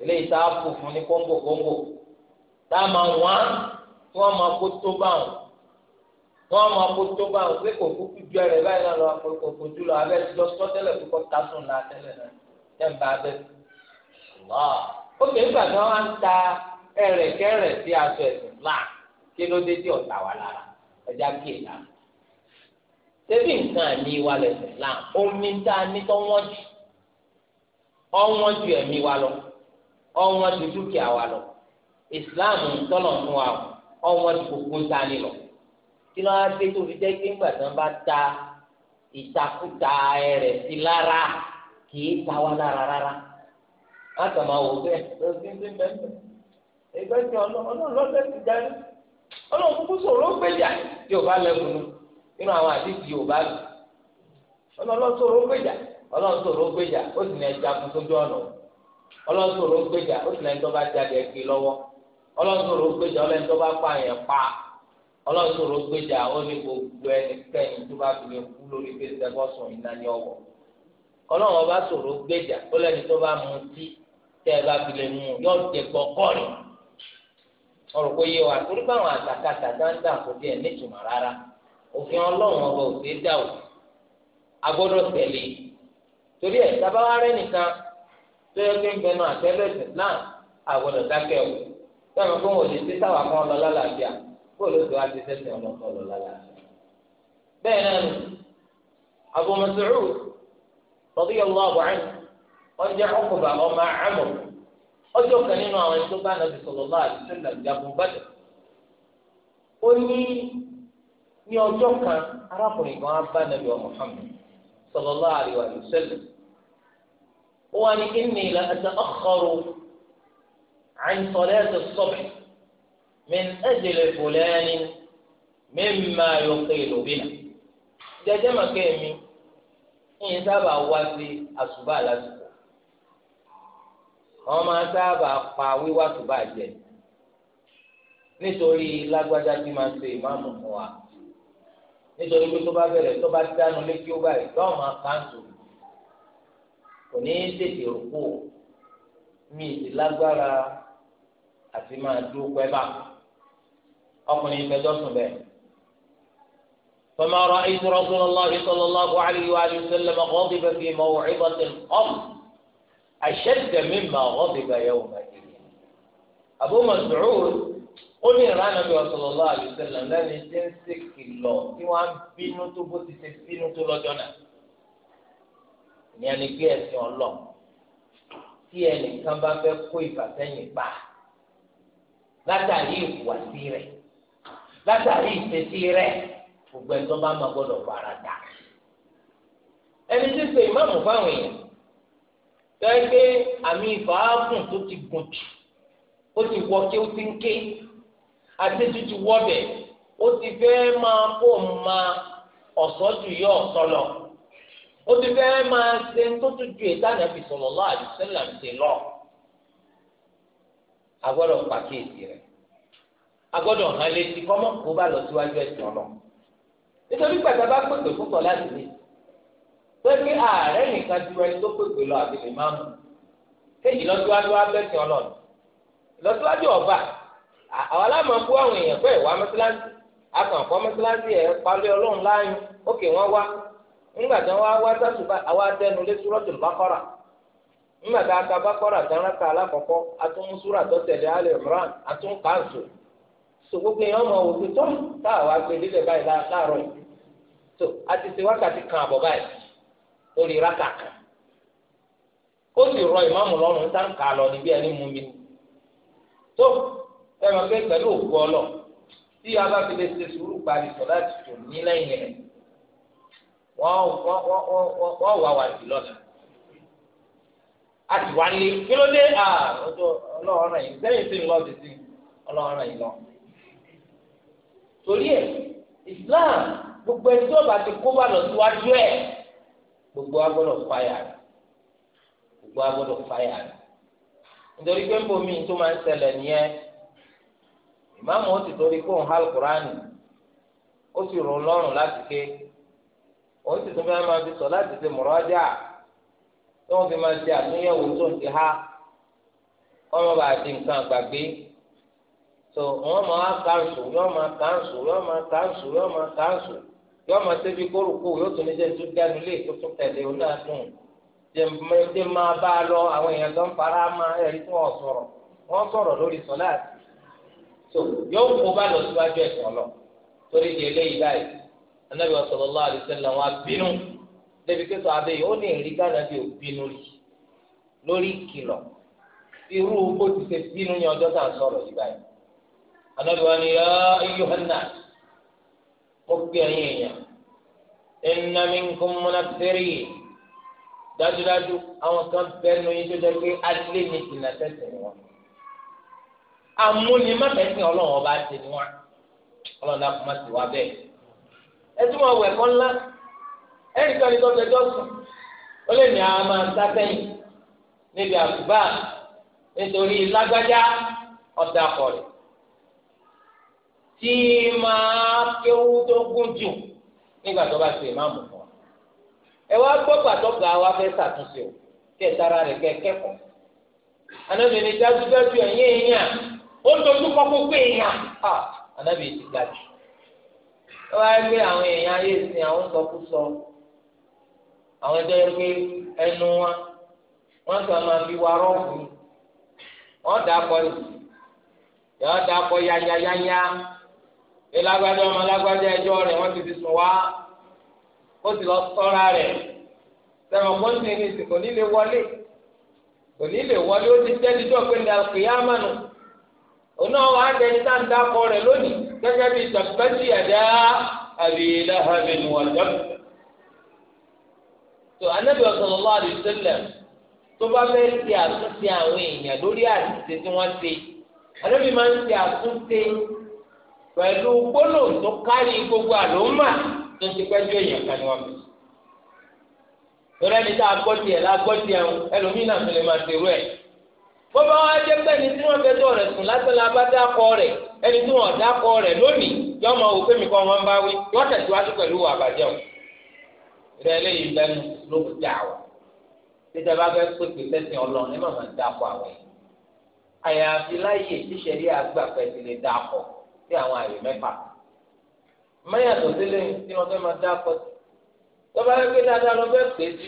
eléyìí tá a fò fún ní kóńgò kóńgò tá a máa wá tí wọ́n máa kó tó bá wọn wọ́n máa kó tó bá wọn pé kò kúkú ju ẹrẹ báyìí náà lọ kò kò jù lọ abẹ lọ sọ tẹ́lẹ̀ kó kọ tásùn la tẹ́lẹ̀ náà tẹ́ ń bá abẹ wá ó kè nígbà tí wọ́n ń ta ẹrẹ kẹrẹ sí aṣọ ẹsìn náà kí ló dé tí ọ̀tá wa lára ẹja kí èèyàn tẹbi nǹkan àmì wa lẹsẹ là omi tá a ní tó wọ́n jù ọwọ́n ju ẹ̀mí wa lọ ọwọ́n ju dúkìá wa lọ ìsìláàmù tọlọ fún wa ọwọ́n ju gbogbo ń ta ni lọ kí ló wá dé tó fi jẹ́ pé ńgbà tí wọ́n bá ta ìtakùtà ẹrẹ sí lára kì í ta wá lára rárá látà máa wò bẹ́ẹ̀ lọ sí ní bẹ́ẹ̀ ẹgbẹ́ tí ọlọ́ọ̀lọ́ọ̀lọ́ọ̀lọ́ọ̀ ti darí ọlọ́ọ̀ kúkú sọ̀rọ̀ ó gbé jà tí nínú àwọn àdìsí yorùbá lò ọlọ́sọ̀rọ̀ ó gbèjà ọlọ́sọ̀rọ̀ ó gbèjà ó sì ní ẹja fún sójú ọ̀nà ọlọ́sọ̀rọ̀ ó gbèjà ó sì ní ẹni bá jáde ẹgbẹ́ lọ́wọ́ ọlọ́sọ̀rọ̀ ó gbèjà ọlọ́ni tó bá pa pa ó gbèjà ó ní gbogbo ẹnikẹ́ni tó bá fi kú lórí fèsì ẹgbọ́sùn ọba òfin ọlọ́run ọba ò sí dà o a tẹ̀lé torí ẹ̀ sábàá rẹ nìkan tó yẹ kí n bẹnu àtẹ́lẹ̀sì náà a dákẹ́ o sọ̀rọ̀ fún òde tí táwa kan lọ lálàáfíà kó o ló ti sẹ́sẹ̀ bẹ́ẹ̀ náà nù wọ́n jẹ́ ọmọ ní ọjọ́ kan arákùnrin kan á bá nàbí wa Muhammad sallallahu alaihi wa sallam ó wá ní inni la ata'akhkharu an salati as-subh min ajli fulani mimma yuqilu bina jẹjẹ màkà èmi ìyẹn sábà wá sí àṣùbà lásìkò wọn máa sábà pa wíwá àṣùbà jẹ nítorí lágbájá tí máa ń ṣe ìmáàmù fún wa nítorí pé tó bá bẹ̀rẹ̀ tó bá dánu lé kí ó báyìí lọ́wọ́ máa káńtù kò ní í tètè rúkú mi ì lágbára àti máa dúró pẹ́ bá ọkùnrin ìfẹjọ́ bẹ́ẹ̀. فما رأيت رسول الله صلى الله عليه وآله وسلم غاضبا في موعظة قط أشد مما غضب يومئذ أبو مسعود ó ní ìran ànábi ọ̀sọ̀lọ́lá àlùsẹ̀lẹ̀ lẹ́ni tí ń ṣe kìlọ̀ tí wọ́n á bínú tó bó ti ṣe bínú tó lọ́jọ́ náà ni bí ẹ̀sìn ọlọ́ tí ẹnìkan bá fẹ́ kó ìfàsẹ́yìn pa látàrí ìhùwàsí rẹ̀ látàrí ìṣesí rẹ̀ gbogbo ẹ̀tọ́ bá máa gbọ́dọ̀ fara dà ẹni tí ń ṣe ìmáàmù fáwọn èèyàn àmì tó ti àtẹ̀tù ti wọ́bẹ̀ ó ti fẹ́ máa kó máa ọ̀sọ́ ju yọ ọ̀sọ́ lọ ó ti fẹ́ máa ṣe tó tún ju ìdáná fi sọ̀rọ̀ lọ àdìsẹ́là ń ṣe lọ. agbọ́dọ̀ pàkíyèsí rẹ̀ agbọ́dọ̀ hàn létí kọ́mọ́ kó bá lọ síwájú ẹ̀sìn ọ̀nà nítorí pàtàkì bá pèpè púpọ̀ láti lè pé kí ààrẹ nìkan ju ẹni tó pèpè lọ àbẹ̀lẹ̀ máa mú kéjì lọ́síwájú abẹ́sìn ọlọ́run lọ́síwájú ọba àwọn alámọ̀bú àwọn èèyàn fẹ́ wá mọ́sálásí akàn kọ́ mọ́sálásí ẹ̀ palẹ́ ọlọ́run láàyè ókè wọ́n wá nígbà tí wọ́n wá sásùbà àwọn adẹnu lé súrọ́tù bákọ́rà nígbà tí aka bákọ́rà ta alákọ̀ọ́kọ́ atúnmúsúrà tọ́tẹ̀lé alẹ́ imran atúnkànṣó so gbogbo èèyàn mọ̀ báyìí láàárọ̀ yìí wákàtí kan àbọ̀ báyìí ó sẹ́wọ̀n pé pẹ̀lú òkú ọlọ́ tí a bá fi lè ṣe sùúrù parí sọ láti tò ní lẹ́yìn rẹ̀ wọ́n wà wà sí lọ́nà a ti wá lé kí ló dé ọjọ́ ọlọ́run rẹ̀ yìí sẹ́yìn sí lọ́ọ́ ti sìn ọlọ́run yìí lọ. torí ẹ̀ Islam gbogbo ẹni tí ọba ti kó bá lọ síwájú ẹ̀ gbogbo agbọ́dọ̀ fáyà rẹ̀ gbogbo agbọ́dọ̀ fáyà rẹ̀ nítorí pé ń bomi tó máa ń ṣẹlẹ̀ nìyẹn. máàmù ó ti torí kó ń hal kúránì ó sì rò lọ́rùn láti ké ó sì tún fẹ́ẹ́ máa fi sọ láti ṣe mọ̀rọ́jà tí wọ́n fi máa ṣe àtúnyẹ̀wò tó ń ti há kọ́mọ́ bá nǹkan àgbàgbé tó wọ́n máa kánṣu yọ́ máa kánṣu yọ́ máa kánṣu yọ́ máa kánṣu yọ́ máa yóò tún ní jẹ́ lé tẹ̀lé so yóò kó bá lọ síwájú ẹ̀sán lọ torí di eléyìí báyìí anabi sallallahu alaihi wasallam wa bínú débi pé sọ abẹ́yẹ ó ní ìrí gánà bí òbínú rí lórí ìkìlọ̀ irú bó ti ṣe bínú ní ọjọ́ tá à ń sọ̀rọ̀ yìí báyìí anabi wa ni ya ayyuhan mo gbé ẹyin èèyàn inna minkum munafirin dájúdájú àwọn kan bẹ́ẹ̀ nu yín tó jẹ́ pé alẹ́ ní ìnà tẹ̀sẹ̀ amúni mọ́tẹ́sìn ọlọ́run ọba ti ni wọn ọlọ́run náà kò má ti wá bẹ́ẹ̀. ẹ tún máa wẹ̀ kọ́ ńlá ẹnì kan ní tó tẹjọ́ sùn ó lè ní àwọn máa ń sá sẹ́yìn níbi àkùbá nítorí lágbájá ọ̀dà kọ̀ọ̀rẹ̀ tí máa kéwú tó gùn jù nígbà tó bá ṣe ìmáàmù fún wa. ẹ wá gbọ́ pàtó gà fẹ́ ṣàtúnṣe o kí ẹ tara rẹ̀ kẹ́ kẹ́kọ̀ọ́. àná mi ní dájúdájú ẹ̀yìn èèyàn. ó dojú kọ gbogbo èèyàn à ànábì ti ga jù ó wá gbé àwọn èèyàn ayé sin àwọn sọkúsọ àwọn ẹjọ́ yẹn ẹnu wa wọ́n sọ ma fi wa rọ́ọ̀bù wọ́n dà pọ̀ yọ̀ dà pọ̀ yányányányá ọmọ ẹjọ́ rẹ̀ wọ́n ti fi sùn wá ó sì lọ sọ́ra rẹ̀ sẹ́wọ̀n pọ́ńtì ní ìsìn kò ní lè wọlé kò ní lè wọlé ó ti dídọ́ pé ní àpèyá onu wa ń dẹni tá à ń dákọ rẹ̀ lónìí gẹ́gẹ́ bíi tàbẹ́tì ẹ̀dá àbí láhàbìn wàjọ́m. anabi anábì sallallahu alaihi wasallam tó bá fẹ́ ṣe àtúnṣe àwọn èèyàn lórí àṣìṣe tí wọ́n ṣe anábì máa ń ṣe àtúnṣe pẹ̀lú gbólóhùn tó kárí gbogbo àlòmà tó ti pẹ́jọ èèyàn kan lórí ẹni tá a gbọ́ tiẹ̀ bọ́bá wa jẹ́ pé ẹni tí wọ́n fẹ́ tó rẹ̀ sùn lásán la bá dákọ rẹ̀ ẹni tí wọ́n dákọ rẹ̀ lónìí yọ ọmọ òkè mi kọ́ wọn bá wí yọ tẹ̀síwájú pẹ̀lú àbàjẹ́ o rẹ̀ eléyìí lẹ́nu ló kù dà o títẹ̀ bá fẹ́ pèpè sẹ́sìn ọlọ́run ẹ má máa dákọ àwọn yìí àyàfi láyè tíṣẹ̀rí àgbà pẹ̀sì lè dákọ sí àwọn àyè mẹ́fà mẹ́yàtọ̀ sílẹ̀ tí wọ́n fẹ́ máa dákọ tọ́ba fẹ́ pé dáadáa lọ fẹ́ pèsè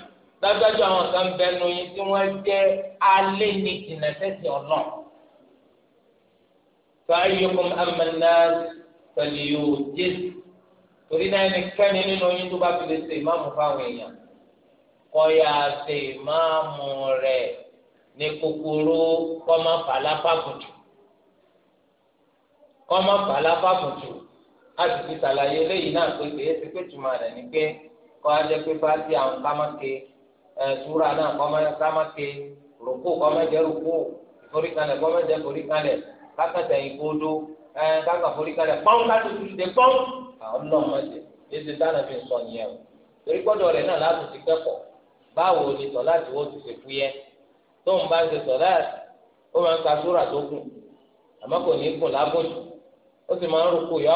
dájúdájú àwọn kan bẹnu yín tí wọ́n jẹ́ alẹ́ ní ìjìnlẹ sẹsẹ ọlọ fàáyọkùn amẹnà pẹlú jésù torí náà ẹnikẹ́ni nínú yín tó bá fi lè ṣe ìmáàmù fáwọn èèyàn kọyà ṣe ìmáàmù rẹ ní kúkúrú kọ́má fàlápàkùtù kọ́má fàlápàkùtù a sì fi ṣàlàyé léyìí náà pé kìí ṣe pé tùmọ̀ rẹ̀ ni pé kọ́ ajẹ́ pé bá ti àwọn kámákè. sura náà kọ́ máa sámákè rúkú kọ́ máa jẹ́ rúkú ìforíkalẹ̀ kọ́ máa jẹ́ ìforíkalẹ̀ kákàtà ìgbódó kákà ìforíkalẹ̀ pọ́n kájú tuntun dé pọ́n àwọn náà dị jẹ èsì dáná fi sọ o torí gbọ́dọ̀ náà láti ti kẹ́kọ̀ọ́ báwo ni ti wọ́n ti ṣe fú yẹ tó ń bá ń ṣe ó máa ń ka sura tó kù àmọ́ kò ní kù ó sì máa ń rúkú yọ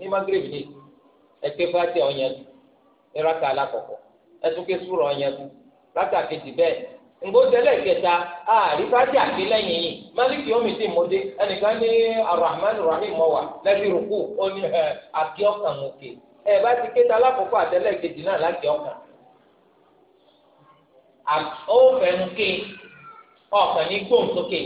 ní magreth ni ẹ̀kẹ́ e ọ̀yẹ́dù ìraka alákọ̀ọ́kọ́ ẹ̀túnkẹ́ sùúrù ọ̀yẹ́dù raka kejì bẹ́ẹ̀ ngbọ́dẹ́lẹ̀ kẹta ààrí dị àkílẹ́yìn yìí maliki omidi mọ́dé ẹnìkan ní arahman rahim mọ́wà lẹ́bi rúkú ó ní àkí òkè ẹ̀ bá ti kéta alákọ̀ọ́kọ́ àtẹ́lẹ̀ kejì náà láti ọkàn ó ní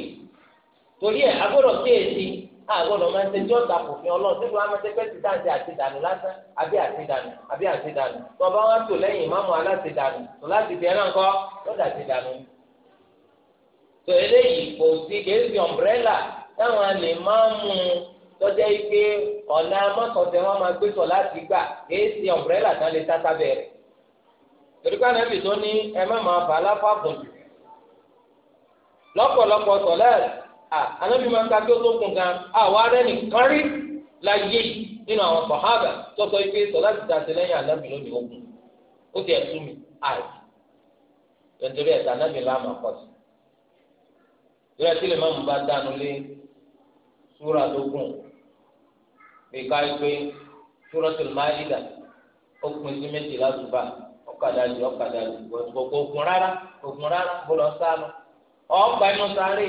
torí agbọ́dọ̀ kéèsì e àgbọ̀dọ̀ máa ń ṣe jọ́ ta òfin ọlọ́run nígbà wọn máa ṣe pẹ́ẹ́sì dáńtẹ́ àtidànù lásán àbí àtidànù àbí tó bá wọn tò lẹ́yìn ìmáàmù alátidànù tó láti fi ẹran lọ́dà àtidànù. tó eléyìí kò sí kéésì ọ̀mbrẹ́là táwọn alè máa ń mú un ike ọ̀nà wọn máa gbé sọ láti gbà tán lè tata bẹ̀rẹ̀. torí pé tó ní ẹ má máa ànábì máa ń ka kí ó tó kún gan àwa rẹ nìkan rí láyé nínú àwọn sọ̀hábà tó sọ pé sọlá ti dàsí lẹ́yìn ànábì lónìí ogun ó ti ẹ̀sùn mi àì nítorí ẹ̀sà ànábì láàmú àkọsí ìrẹ́ tí lè má mú bá dánú lé súra tó gùn bí ká pé súra tó má yí dà ó pin sí méjìlá zùbà ọ̀kadà lù ọ̀kadà lù gbogbo ogun rárá ogun rárá bó lọ sáà lọ ọ̀ gbà inú sáré.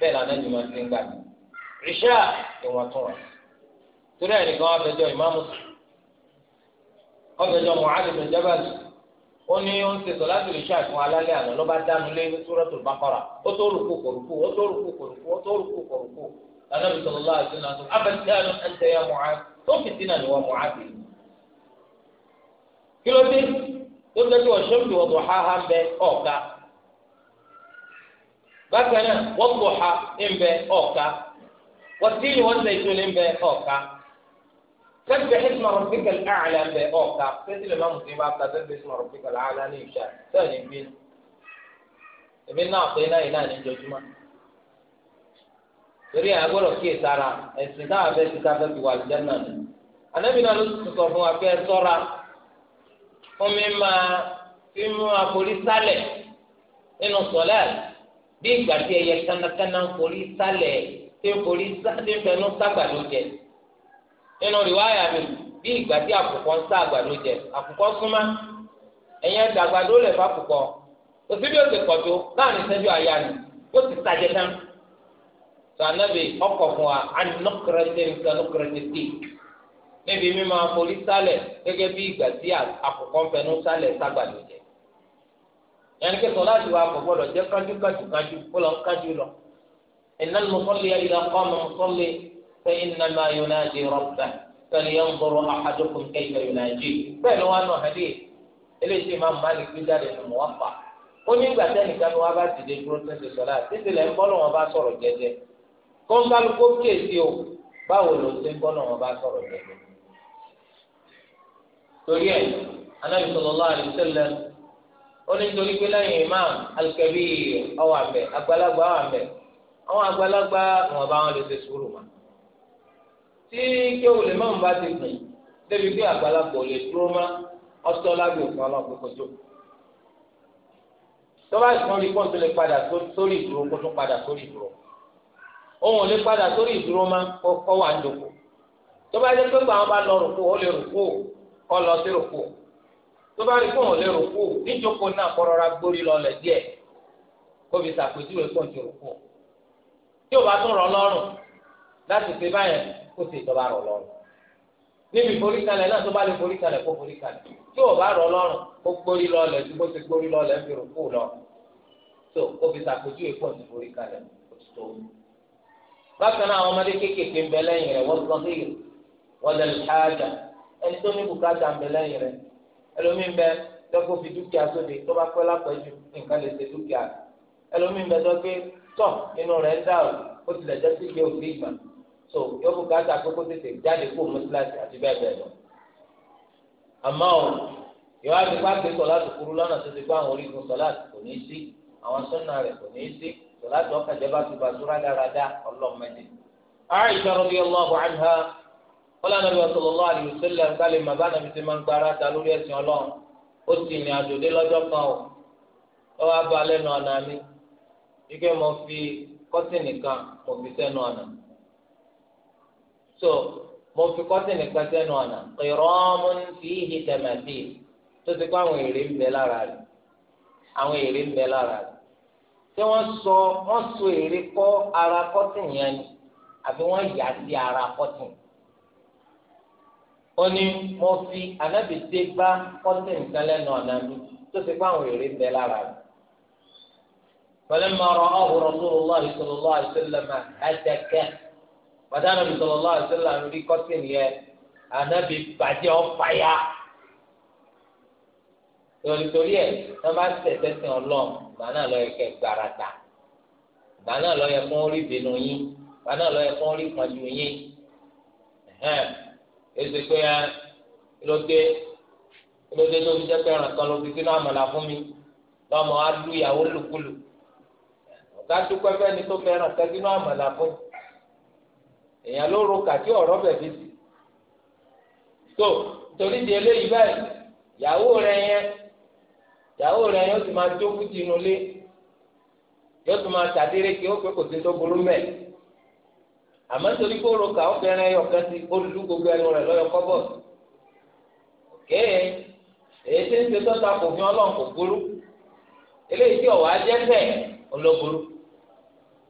bẹ́ẹ̀ lànà ni wọ́n ti ń gbà mí ìṣá ìwọ̀ntúnwọ̀n torí ẹ̀ nìkan ọ̀fẹ́jọ́ ìmáàmù ọ̀fẹ́jọ́ Mu'adh bin Jabal ó ní ó ń ṣe láti ìṣá ìfún alálẹ́ àná ló bá dánu lé ó tó rúkú kòrúkú ó tó rúkú kòrúkú ó tó rúkú kòrúkú ya bákan náà wọ́n kò ha ń bẹ ọ̀ka wọ́n tí ni wọ́n zẹ̀tún ní bẹ ọ̀ka sẹ́gbẹ̀ ẹ̀sùn ọ̀rọ̀ pípẹ̀ àlẹ́ ń bẹ ọ̀ka sẹ́gbẹ̀ lè má mú sí bá ta sẹ́gbẹ̀ ẹ̀sùn ọ̀rọ̀ pípẹ̀ àlẹ́ ní ìṣá sẹ́ẹ̀ ní bí ẹ̀mí náà pé náà yìí náà ní jọjúmọ́ torí àgbọ̀dọ̀ kí ìsara ẹ̀sìn náà fẹ́ ti ká fẹ́ ti wà lùjẹ́ náà ni ànábì náà ló ti sọ fún wa pé ẹ sọ́ra fún mi máa fi mú àforí sálẹ̀ nínú sọ̀lẹ́ẹ̀ bí ìgbà tí ẹyẹ kánákáná ń forí sálẹ̀ tí forí tí fẹnu ságbàdo jẹ nínú rìwáyà mi bí ìgbà tí àkùkọ ń ságbàdo jẹ àkùkọ súnmá ẹyẹ dàgbàdo fa àkùkọ òsì bí ó ti kọjú láàrin ìṣẹ́jú àyà ni ó ti sàjẹ tán tó anábì ọkọ fún wa anọkẹrẹsẹ nǹkan nọkẹrẹsẹ yẹn ní kẹsàn-án láti wá kọ̀ gbọ́dọ̀ jẹ́ kájú kájú kájú kó lọ kájú lọ. iná mùsọ̀lì ayíra kọ́ ọmọ mùsọ̀lì pé iná máa yọ náà di rọ́bà pẹ̀lú yẹn ń gbọ́rọ̀ àhàdókùn kẹyọ yọ náà jì. bẹ́ẹ̀ ló wá nù hàdí eléyìí máa má lè gbé jáde nù wọ́n fà. ó ní ìgbà tẹ́ nìkan ni bá ti dé dúró tẹ́sí sọ́lá títí lẹ́ ń bọ́ lọ́wọ́ bá sọ̀rọ̀ jẹ́jẹ́. kọ́ńkálukó kéèsì o báwo ló ti ń bọ́ lọ́wọ́ bá sọ̀rọ̀ jẹ́jẹ́ ó ní nítorí pé lẹ́yìn imam alukẹ́bí ọwọ́ àbẹ̀ àgbàlagbà ọwọ́ àbẹ̀ àwọn àgbàlagbà wọn bá wọn lè ṣe sùúrù mọ́ tí kéwù lè mọ́mú bá ti gbìn débi pé àgbàlagbà ò lè dúró mọ́ ọtọ́ lábẹ́ òfin ọlọ́pàá kojú tọ́ba ìsúná rí pọ́ǹtù lè padà sórí ìdúró kó tún padà sórí ìdúró òun ò lè padà sórí ìdúró má kọ́ wà ń dòkó tọ́ba jẹ́ pé àwọn bá lọ rùkú ó lè rùkú kọ́ lọ sí rùkú tó bá rí fóun lè rúkú níjókòó náà kọ́ rọra gbórí lọlẹ̀ díẹ̀ kó fi sàpèjúwe fóun ti rúkú tí o bá tún rọ lọ́rùn láti ṣe báyẹn kó ṣe ìjọba rọ lọ́rùn níbi ìforíkalẹ̀ náà tó bá lè foríkalẹ̀ kó foríkalẹ̀ tí o bá rọ lọ́rùn kó gbórí lọlẹ̀ tí kó ti gbórí lọlẹ̀ fi rúkú lọ tó kó fi sàpèjúwe fóun ti foríkalẹ̀ kó ti tó bákan náà àwọn ọmọdé kéékèèké ń bẹ lẹ́yìn rẹ̀ wọ́n ti lọ́ ẹlòmíín bẹ dọ́kọ̀ fi dúkìá sóde tó bá pẹ́ lápẹ́jù nǹkan lè ṣe dúkìá ẹlòmíín bẹ dọ́kẹ́ tọ̀ inú rẹ̀ ń dàrú ó tilẹ̀ so yóò fún káàtà kókó tètè jáde kó mọ́síláṣí àti bẹ́ẹ̀ bẹ́ẹ̀ lọ. àmọ́ ò yọ á fi pàṣẹ sọ̀lá tó kúrú lọ́nà tó ti gbọ́ àwọn orígun kò ní í sí àwọn sọ́nà rẹ̀ kò ní kọ́lánà bí sallallahu alaihi wasallam kálí màbá nàbí ti máa ń gbára ta lórí ẹ̀sìn ọlọ́run ó sì ní àdòdé lọ́jọ́ kan o ó wá ba lẹ́nu ọ̀nà mi wípé mo fi kọ́tìnì kan mo fi sẹ́nu ọ̀nà so mo fi kọ́tìnì kan sẹ́nu ọ̀nà qiramun fihi tamathil tó ti kó àwọn èrè ń bẹ lára rẹ̀ àwọn èrè ń bẹ lára rẹ̀ tí wọ́n sọ wọ́n so èrè kọ́ ara kọ́tìnì yẹn ni àbí wọ́n yà sí ara kọ́tìnì ó ní mo fi anábìtẹ́ gbá kọ́tẹ́ nǹkan lẹ́nu ọ̀nà mi tó ti fáwọn èrè ń bẹ lára rẹ̀. فلما رآه رسول الله صلى الله عليه وسلم هتك بدأ النبي صلى الله عليه وسلم يقول كتن يا أنا ببعدي أفايا torítorí ẹ wọn bá tẹsẹ sí Ọlọ́run gbà náà lọ yẹ kẹ gbarata gbà náà lọ yẹ fún orí bínú yín gbà lọ yẹ fún orí pọnjú yín èsì pé ẹ lóde lóde tó fi jẹ́ pé ẹran kan ló fi sínú àmàlà fún mi lọ́mọ á lu ìyàwó lùkulù ọ̀gá dúpẹ́ fẹ́ni tó fẹ́ ẹran kan sínú àmàlà fún èèyàn ló ro kàtí ọ̀rọ̀ bẹ̀ fi sí tó torí di eléyìí báyìí ìyàwó rẹ yẹn ìyàwó rẹ yẹn ó sì máa jókòó jìnnú lé yóò tún máa tàdéré kí ó pé kò tó burú mẹ́ẹ̀ àmọ́ nítorí kó ro kà obìnrin ẹyọ kan ti olùdú gbogbo ẹnu rẹ̀ lọ́yọ̀ kọ́bọ̀ kéè èyí tí ń ṣe tọ́ta kò fi ọlọ́run kò burú eléyìí tí ọ̀wá jẹ́ bẹ́ẹ̀ olóburú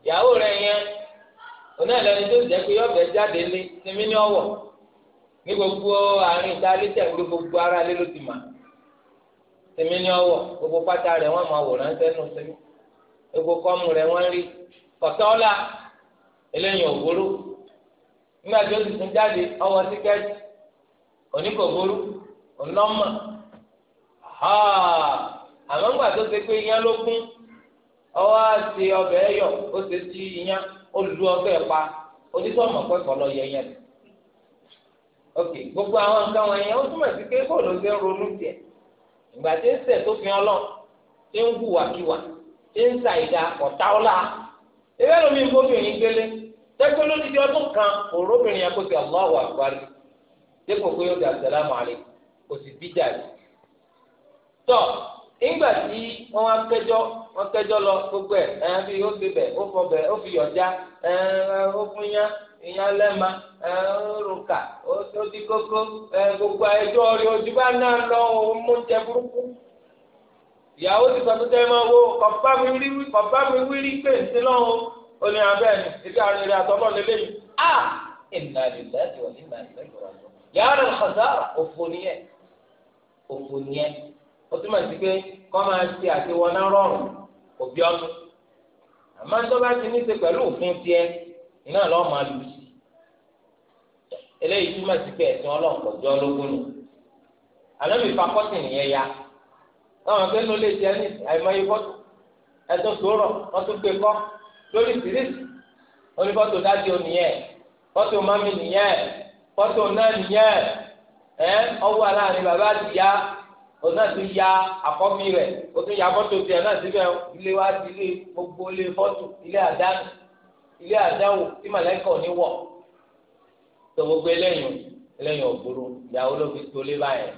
ìyàwó rẹ̀ yẹn oní ẹlẹ́ni tó jẹ́ pé yọ̀bẹ̀ jáde lé sinmi ní ọ̀wọ̀ ní gbogbo àárín ìdálé tẹ̀ ń gbé gbogbo ara lé ló ti mà sinmi ní ọ̀wọ̀ gbogbo pátá rẹ̀ wọ́n máa wòrán sẹ́nu sinmi gbogbo kọ́mù rẹ̀ wọ́n rí kọ̀tọ́ọ́lá eléyìí ògbóró nígbà tí ó ti tún jáde ọwọ́ tíkẹ́ẹ̀tì oníkògbóró onọ́mà àmọ́ nígbà tó ṣe pé iyán ló kún ọwọ́ àti ọbẹ̀ ẹ̀yọ̀ ó ṣe ti iyán ó lu ọbẹ̀ pa onítọ̀mọ̀ pẹ́kọ̀ọ́ lọ yẹ yẹn ok gbogbo àwọn nǹkan wọ̀nyẹn ó túmọ̀ sí pé bóòlù ṣe ń ronú tiẹ̀ ìgbà tí ń sẹ̀ tó fi lọ ń hùwàkiwà ewé lomi ìbóbìnrin gbélé tẹ́kọ́ ló ti di ọdún kan òróbìnrin yẹn kó ti Allahu Akbar dépò pé ó di asàlámù alẹ́ kò sì bí dàbí. tọ́ ìgbà tí wọ́n wá kẹjọ́ wọ́n kẹjọ́ lọ gbogbo ẹ̀ ẹ̀ fi ó fi bẹ̀ gbogbo ẹjọ́ rí ojú bá náà ìyàwó ti sọ pé máa wo kọ̀ọ̀bá mi rí kọ̀ọ̀bá mi wí rí pé ǹsí lọ́hùn ó ní abẹ́ ah, ni ibi àwọn èrè àtọ́lọ́ lé lẹ́yìn a ìnà ìlẹ́ ti wọ̀ nínú ìlẹ́ ìjọba jọ yàrá ìkàzára òfò nìyẹn òfò nìyẹn ó túmọ̀ sí pé kọ́ máa ṣe àtiwọ́nà rọrùn òbí ọ̀nù àmọ́ tó bá ti ní ṣe pẹ̀lú òfin tiẹ̀ iná lọ́ọ́ máa lù sí eléyìí túmọ̀ sí pé ẹ̀sìn ọlọ́ọ̀kọ̀jọ́ lógún nù àlọ́ mi fa kọ́sìn nìyẹn ya táwọn akẹ́nu lè jẹ́ ní àìmọye fọ́tò ẹ̀tọ́ sòrọ̀ wọ́n tún gbé kọ́ lórí tìrìsì orí fọ́tò dájú nìyẹn fọ́tò mami nìyẹn fọ́tò náà nìyẹn ẹ̀ ọwọ́ aláàrin bàbá ti ya òun náà ti ya àkọ́bí rẹ̀ ó tún ya fọ́tò tiẹ̀ náà síbẹ̀ ilé wa ti ilé gbogbo ilé fọ́tò ilé àdánù ilé àdáwò tí màlẹ́kọ̀ ní wọ̀ tó gbogbo eléyìn eléyìn òbúrú ìyàwó ló fi tolé báyẹn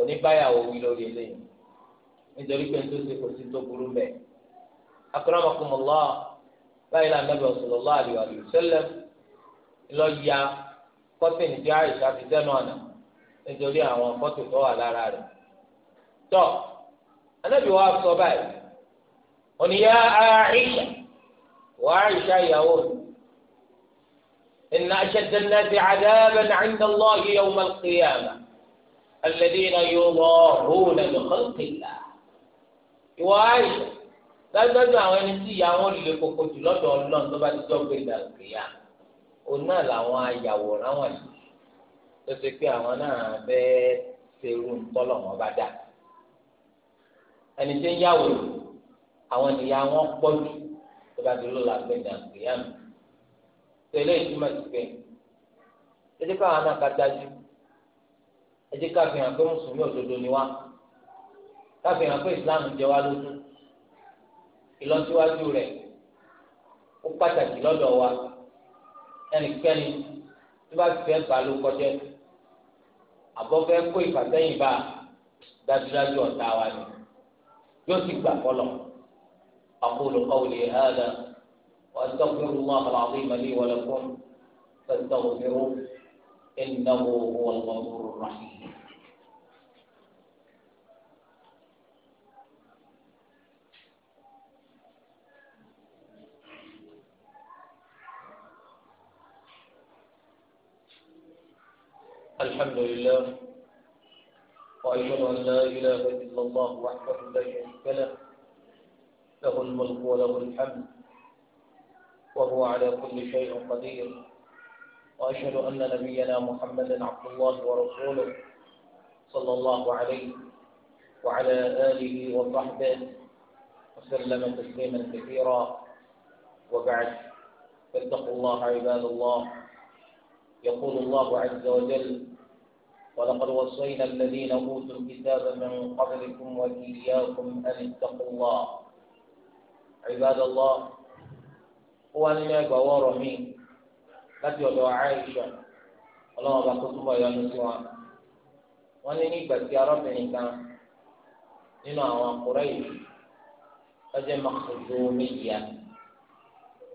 oníbáyàwó wí lórí eléyìn nítorí pé nítorí pé kò sí tó burú mbẹ akramakumullah báyìí la Nabi sallallahu alaihi wa sallam lọ ya kọ́tìnì tí àìsà fi sẹ́nu ọ̀nà nítorí àwọn fọ́tò tó wà lára rẹ̀ tọ́ anábì wa sọ báyìí oníyá àìsà wà àìsà ìyàwó إن أشد الناس عذابا عند الله يوم القيامة الذين يضاهون بخلق الله ìwọ ayé dájúdájú àwọn ẹni tí ìyá wọn lè koko jù lọ́dọ̀ Ọlọ́run tó bá ti jọ gbé ìdàgbé yá òun náà làwọn ayàwòrán wọn yìí tó ṣe pé àwọn náà bẹ́ẹ̀ ṣe irú ńtọ́lọ̀ wọn bá dà ẹni tí ń yàwò àwọn ìyá wọn pọ̀ jù tó bá ti lọ́la gbé ìdàgbé yá mi tẹ́lẹ̀ ìtumọ̀ ti pẹ́ ẹ jẹ́ káwọn náà ká dájú ẹ jẹ́ ká pé mùsùlùmí òdodo ni wá káfíń hàn pé ìsìláàmù jẹ wá lójú ìlọsíwájú rẹ̀ ó pàtàkì lọ́dọ̀ wa ẹnikẹ́ni tó bá fẹ́ gbà ló kọjá àbọ̀ fẹ́ kó ìfàsẹ́yìn bá dájúdájú ọ̀tá wa ni yóò sì gbà fọlọ̀ aqulu qawli hada wa astaghfirullaha al-azim li wa lakum fastaghfiruhu innahu huwal ghafurur rahim. الحمد لله وأشهد أن لا إله إلا الله وحده لا شريك له له الملك وله الحمد وهو على كل شيء قدير وأشهد أن نبينا محمدا عبد الله ورسوله صلى الله عليه وعلى آله وصحبه وسلم تسليما كثيرا وبعد فاتقوا الله عباد الله يقول الله عز وجل ولقد وصينا الذين أوتوا الكتاب من قبلكم وإياكم أن اتقوا الله عباد الله هو أن يبوار من قد يدعو عائشة اللهم بكتب يا نسوان wọ́n ní nígbà tí arábìnrin kan nínú àwọn akọ̀rọ̀ yìí lọ́jọ́ mọ́kànlélọ́ méjìlá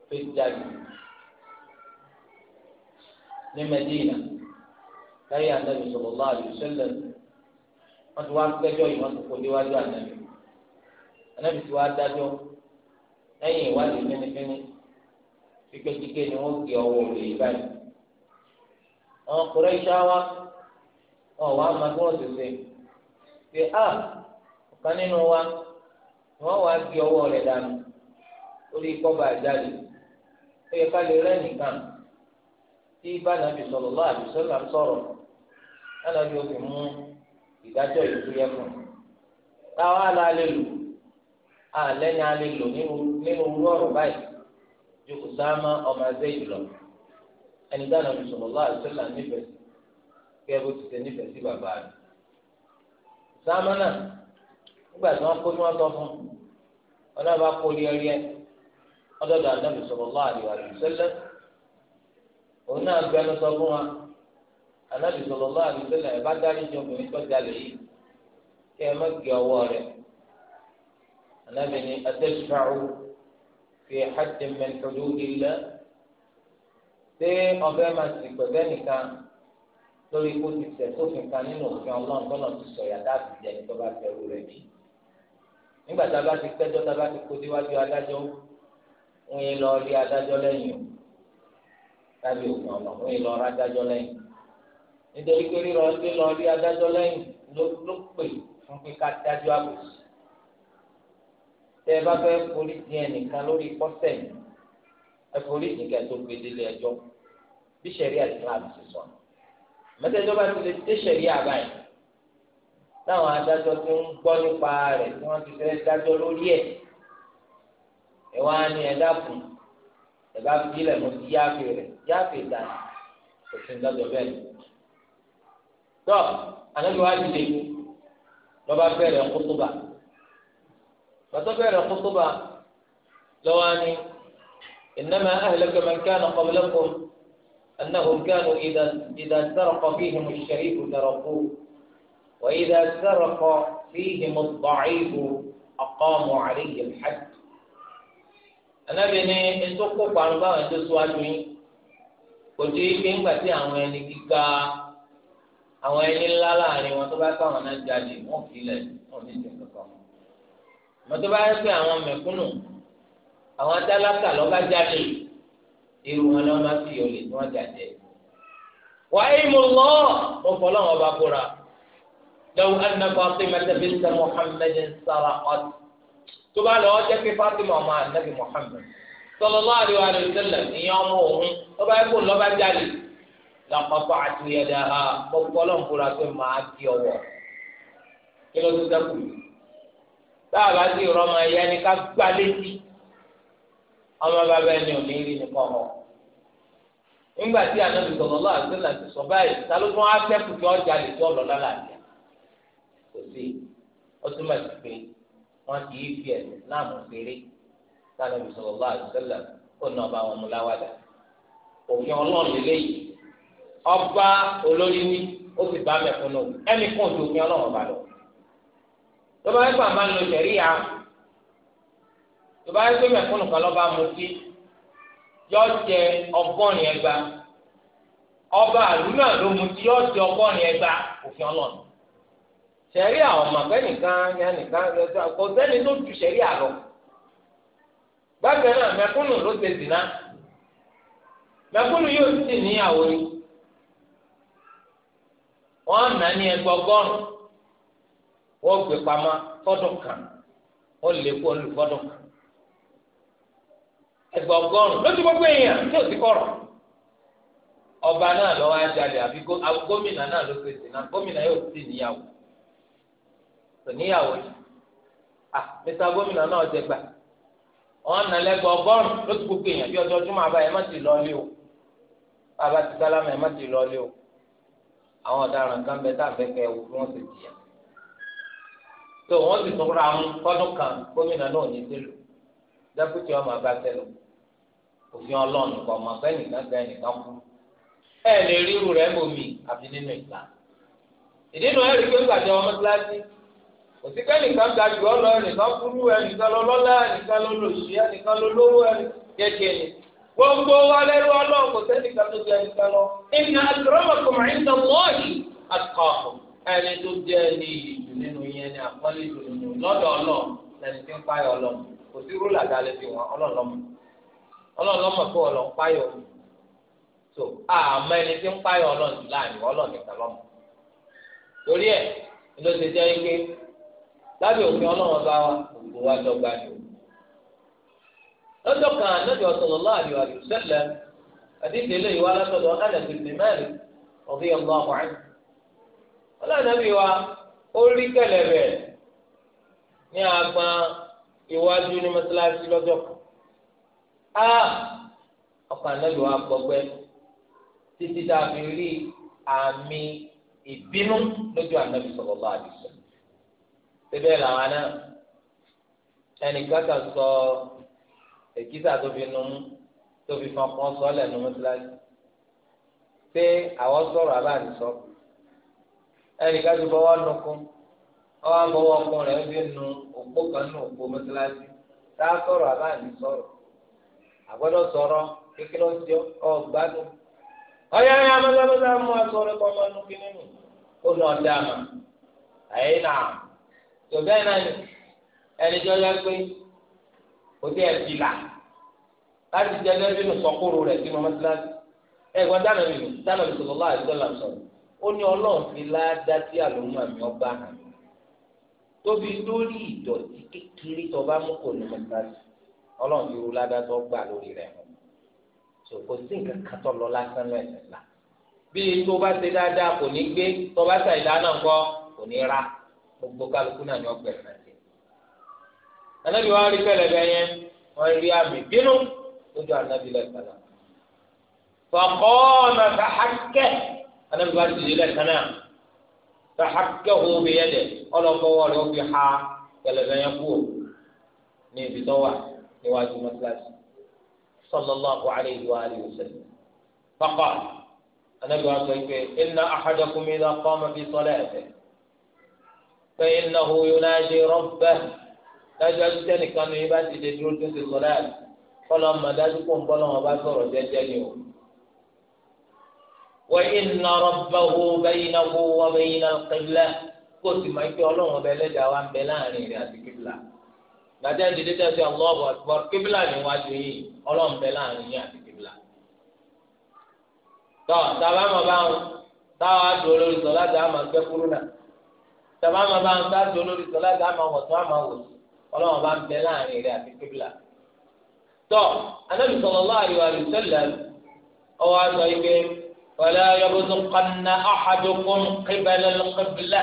tó jáde ní Medina. láyé ànábì sallallahu alaihi wasallam wọ́n ti wá gbẹ́jọ́ yìí wọ́n ti kó déwájú ànábì ànábì ti wá dájọ́ lẹ́yìn ìwádìí fínífíní kíkékíké ni wọ́n gbé ọwọ́ rẹ̀ báyìí àwọn iṣẹ́ wa wá máa ọ̀kan nínú wa ni wọ́n wá ọwọ́ rẹ̀ dànù lórí kọ́ba ó lánàá yóò fi mú ìdájọ́ yìí tó yẹ fún un táwa la lè lò á lẹ́yìn a lè lò nínú nínú rọrùn báyìí ju Usama ọmọ ẹgbẹ́ yìí lọ ẹni dáná fi sọ̀rọ̀ lọ́wọ́ àìsílẹ̀ níbẹ̀ kí ẹ bó ti tẹ níbẹ̀ sí bàbá rẹ̀ Usama náà nígbà tí wọ́n kó ní wọ́n tọ́ fún ọlọ́ba kó rí ẹrí ẹ ọdọ́dọ̀ àdábì sọ̀rọ̀ lọ́wọ́ àdìwà òun náà gbẹnu fún wa anabi sọlọ lọ àdúgbò ẹ bá dárí jọ obìnrin tó jalè yìí kí ẹ má gé ọwọ́ rẹ̀ anabi ni adéṣfàáwò fi hajj mẹtọdọ ìlẹ ṣé ọbẹ máa ti pẹbẹ nìkan lórí kó ti tẹ sófin kan nínú òfin Ọlọ́run tó náà ti sọ yàtá àti ìjẹni tó bá fẹrù rẹ̀ bí nígbà tá a bá ti pẹjọ́ tá a bá ti kó déwájú adájọ́ ń lọ rí adájọ́ lẹ́yìn o tábí òfin Ọlọ́run ń lọ rí adájọ́ lẹ́yìn nítorí pé rírọ ilé lọ rí adájọ́ lẹ́yìn ló pè fún pé ká dájọ́ àbòsí tẹ ẹ bá fẹ́ forí di ẹnìkan lórí pọ́sẹ̀ ẹ forí ìdìgà tó gbé délé ẹjọ́ bí sẹ̀rí àdìsílámù ti sọ mẹtẹjọ bá ti lè dé sẹ̀rí àbáyé táwọn adájọ́ ti ń gbọ́ nípa rẹ̀ tí wọ́n ti fẹ́ dájọ́ lórí ẹ̀ ẹ wá ní ẹ dákun ẹ bá fi ilẹ̀ mọ́ sí yáàfin rẹ̀ yáàfin dà òfin dájọ́ bẹ́ẹ̀ ni. tọ́ ànábi wa dìde lọ́ba bẹ̀rẹ̀ kutuba bàtọ́ bẹ̀rẹ̀ kótóbà lọ́wọ́ ni ìnáma ahlẹ́kẹ́ máa ń kí àná kọ́bílẹ́kọ́ ìdá كانوا إذا إذا سرق فيهم الشريف تركوه وإذا سرق فيهم الضعيف أقاموا عليه anabi ni ètò kópa ló báwọn ètò suwájú yín kò tí ì fi ń gbà àwọn ẹni kíkà. àwọn ẹni ńlá láàrin wọn tó bá kọ àwọn náà jáde wọn fi lẹ wọn ní ìjọ kankan mọtò bá yẹ pé àwọn mẹ̀kúnnù àwọn tálákà lọba jáde irú wọn náà má fi olè tí wọn jáde wàá ìmọ̀ lọ mo fọ lọ́wọ́ bá bóra lọ́wọ́ ẹnna Fatimata bint Muhammadin saraqat tó bá lọ́wọ́ jẹ́ pé Fatima ọmọ anabi Muhammad sallallahu alaihi wa ìyẹn ọmọ òun tó bá yẹ kó lọ́ba jáde lakọtọ àtúnyẹdẹ ha kpọkpọ lọ nkura pé màá di ọwọ́ kí ló ti dẹkù báàbá ti rọmọ ẹyẹ ni ká gbá létí ọmọ bàbá ẹni ò ní rí ni kọ họ nígbà tí anabi sọlọ lọ àti sẹlẹ ti sọ báyìí talókun akẹ́kọ̀ọ́ tí ọjà lè tó ọlọ lọlá àti kò sí ọtún máa ti pé wọn kì í fi ẹsẹ̀ náà mú péré tí anabi sọlọ lọ àti sẹlẹ kó nà ọba wọn mú láwàdà òfin Ọlọ́run ọba olórí wí ó sì bá mẹ̀kúnnù ẹnì kan ò dòfin ọlọ́run bá lọ. tó bá yẹ kó àbá ń lo sẹ̀ríyà tó bá yẹ kó mẹ̀kúnnù kan lọ́ba mu sí yọ jẹ ọgọ́rin ẹgba ọba àlù náà ló mu sí yọ jẹ ọgọ́rin ẹgba òfin ọlọ́run. sẹ̀ríyà ọmọ abẹ́nìkan ní ẹnìkan kò sẹ́ni tó ju sẹ̀ríyà lọ. bákan náà mẹ̀kúnnù ló ṣe dìná mẹ̀kúnnù yóò sì níyàwó ni. wọn nà ní ẹgbọgọrùn wọn gbé pamọ́ fọdún kan wọn lè kó olú fọdún kan ẹgbọgọrùn lójú gbogbo èèyàn tí ò sí kọrọ ọba náà lọ wá jalè àbí gómìnà náà ló ṣe sìnà gómìnà yóò sì níyàwó kò níyàwó yìí à gómìnà náà jẹ gbà wọn nà lẹgbọgọrùn lójú gbogbo èèyàn bí má ti lọ o bàbá ti sálámà má ti lọ àwọn ọ̀daràn kan bẹ tá a fẹ́ kẹ́ wò fún ọ̀sẹ̀ jìyà tó wọ́n sì tún ra mú kọ́dún kan gómìnà náà ní sílù dẹ́kùtì ọmọ abáṣẹ lọ òfin ọlọ́run kọ́ ọmọ bẹ́ẹ̀ nìkan bẹ́ẹ̀ nìkan kú ẹ lè rí irú rẹ̀ bomi àfi nínú ìgbà ìdínú ẹ̀rí pé gbàdé ọmọ kíláàsì òsì nìkan ga jù ọ lọ ẹnìkan kúrú ẹnìkan lọ lọ́lá ẹnìkan lọ lọ gbogbo wa lẹ́rú ọlọ́run kò sẹ́ni kan tó jẹ ẹnìkan lọ. inna akramakum inda Allahi atqakum ẹni tó jẹ́ ẹni ìlú nínú yẹn ni àpọ́nlé ìlú nínú lọ́dọ̀ lẹni tí ń páyọ̀ kò sí rúlà dalẹ̀ fi wọn páyọ̀ àmọ́ ẹni tí ń páyọ̀ lọ́jọ́ kan ànábì sallallahu alaihi wa sallam àdéhùn eléyìí wá látọ̀dọ̀ Anas ibn Malik radiyallahu anhu. ọlọ́ọ̀nàbí wa ó rí kẹlẹ̀bẹ̀ ní agbọn iwájú ní mọ́sálásí lọ́jọ́ kan. a ọkàn ànábì wa gbọgbẹ́ títí tá a fi rí àmì ìbínú lójú ànábì sallallahu alaihi wa sallam. bíbélì làwọn náà ẹnì kan sọ. èkìsà tó fi nu mú tó fi fọn kàn sọ́lẹ̀ nu mọ́sálásí ṣé àwọn sọ̀rọ̀ abáàdì sọ ẹnì ká ti fọwọ́ nukú ọwọ́ àbọ̀wọ́ ọkùnrin rẹ̀ fi nu òpó kan nu òpó tá a sọ̀rọ̀ abáàdì sọ̀rọ̀ sọ̀rọ̀ kékeré ọ̀sẹ̀ ọ̀gbádùn ọ̀yá ẹ̀yà mú asọ̀rọ̀ kọ́ ó ọ̀dà mà ẹ̀yìn náà láti jẹ lẹ́bí nù sọ́kúrú rẹ̀ sí mọ́mọ́síláṣí ẹ̀gbọ́n dáná mi dáná mi sọ̀rọ̀ láàyè sọ̀rọ̀ làm sọ̀rọ̀ ó ní ọlọ́run fi láàdá sí àlòmọ́ àmì ọgbà hàn tóbi lórí ìdọ̀tí kékeré tó bá mú kò ní mọ́síláṣí ọlọ́run fi ru láàdá tó gbà lórí rẹ̀ hàn kò sí nǹkan kan tó lọ lásán lọ ẹ̀sẹ̀ la bí tó bá ṣe dáadáa kò ní gbé tó bá ṣe ìdáná ńkọ́ kò ní ra gbogbo kálukú náà ní ọgbẹ̀rẹ̀ náà ṣe. anábìwá rí pẹ̀lẹ́bẹ̀ yẹn wọ́n rí àmì bínú رجع النبي lẹ́ẹ̀kan náà. فقام فحكه أنا بقول لك أنا فحكه بيده ألا قوال في حا كلمة يقول نبي طوع يواجه مثلاث صلى الله عليه وآله وسلم فقال أنا بقول إن أحدكم إذا قام في صلاته فإنه يناجي ربه لا يجوز أن يكون يبات يدرس الصلاة kọlọ ma dájú kó ń bọ́ lọ́wọ́ bá sọ̀rọ̀ jẹ́jẹ́ ni o. wa inna rabbahu baynahu wa bayna al-qibla kó sì máa fi ọlọ́run ọbẹ̀ lẹ́dàá wa ń bẹ láàrin rẹ̀ àti kíbla. gbàtẹ́ ìdílé tẹ̀sí Allahu akbar kíbla níwájú yìí ọlọ́run bẹ láàrin yìí àti kíbla. tọ́ tàbá ma bá wọn táwọn adò olórí sọ láti àmà gbẹ kúrú náà tàbá ma bá wọn táwọn adò olórí tọ́ anábì sallallahu alaihi wa sallam ọwọ́ aṣọ ike wala yabzuqanna ahadukum qibala al-qibla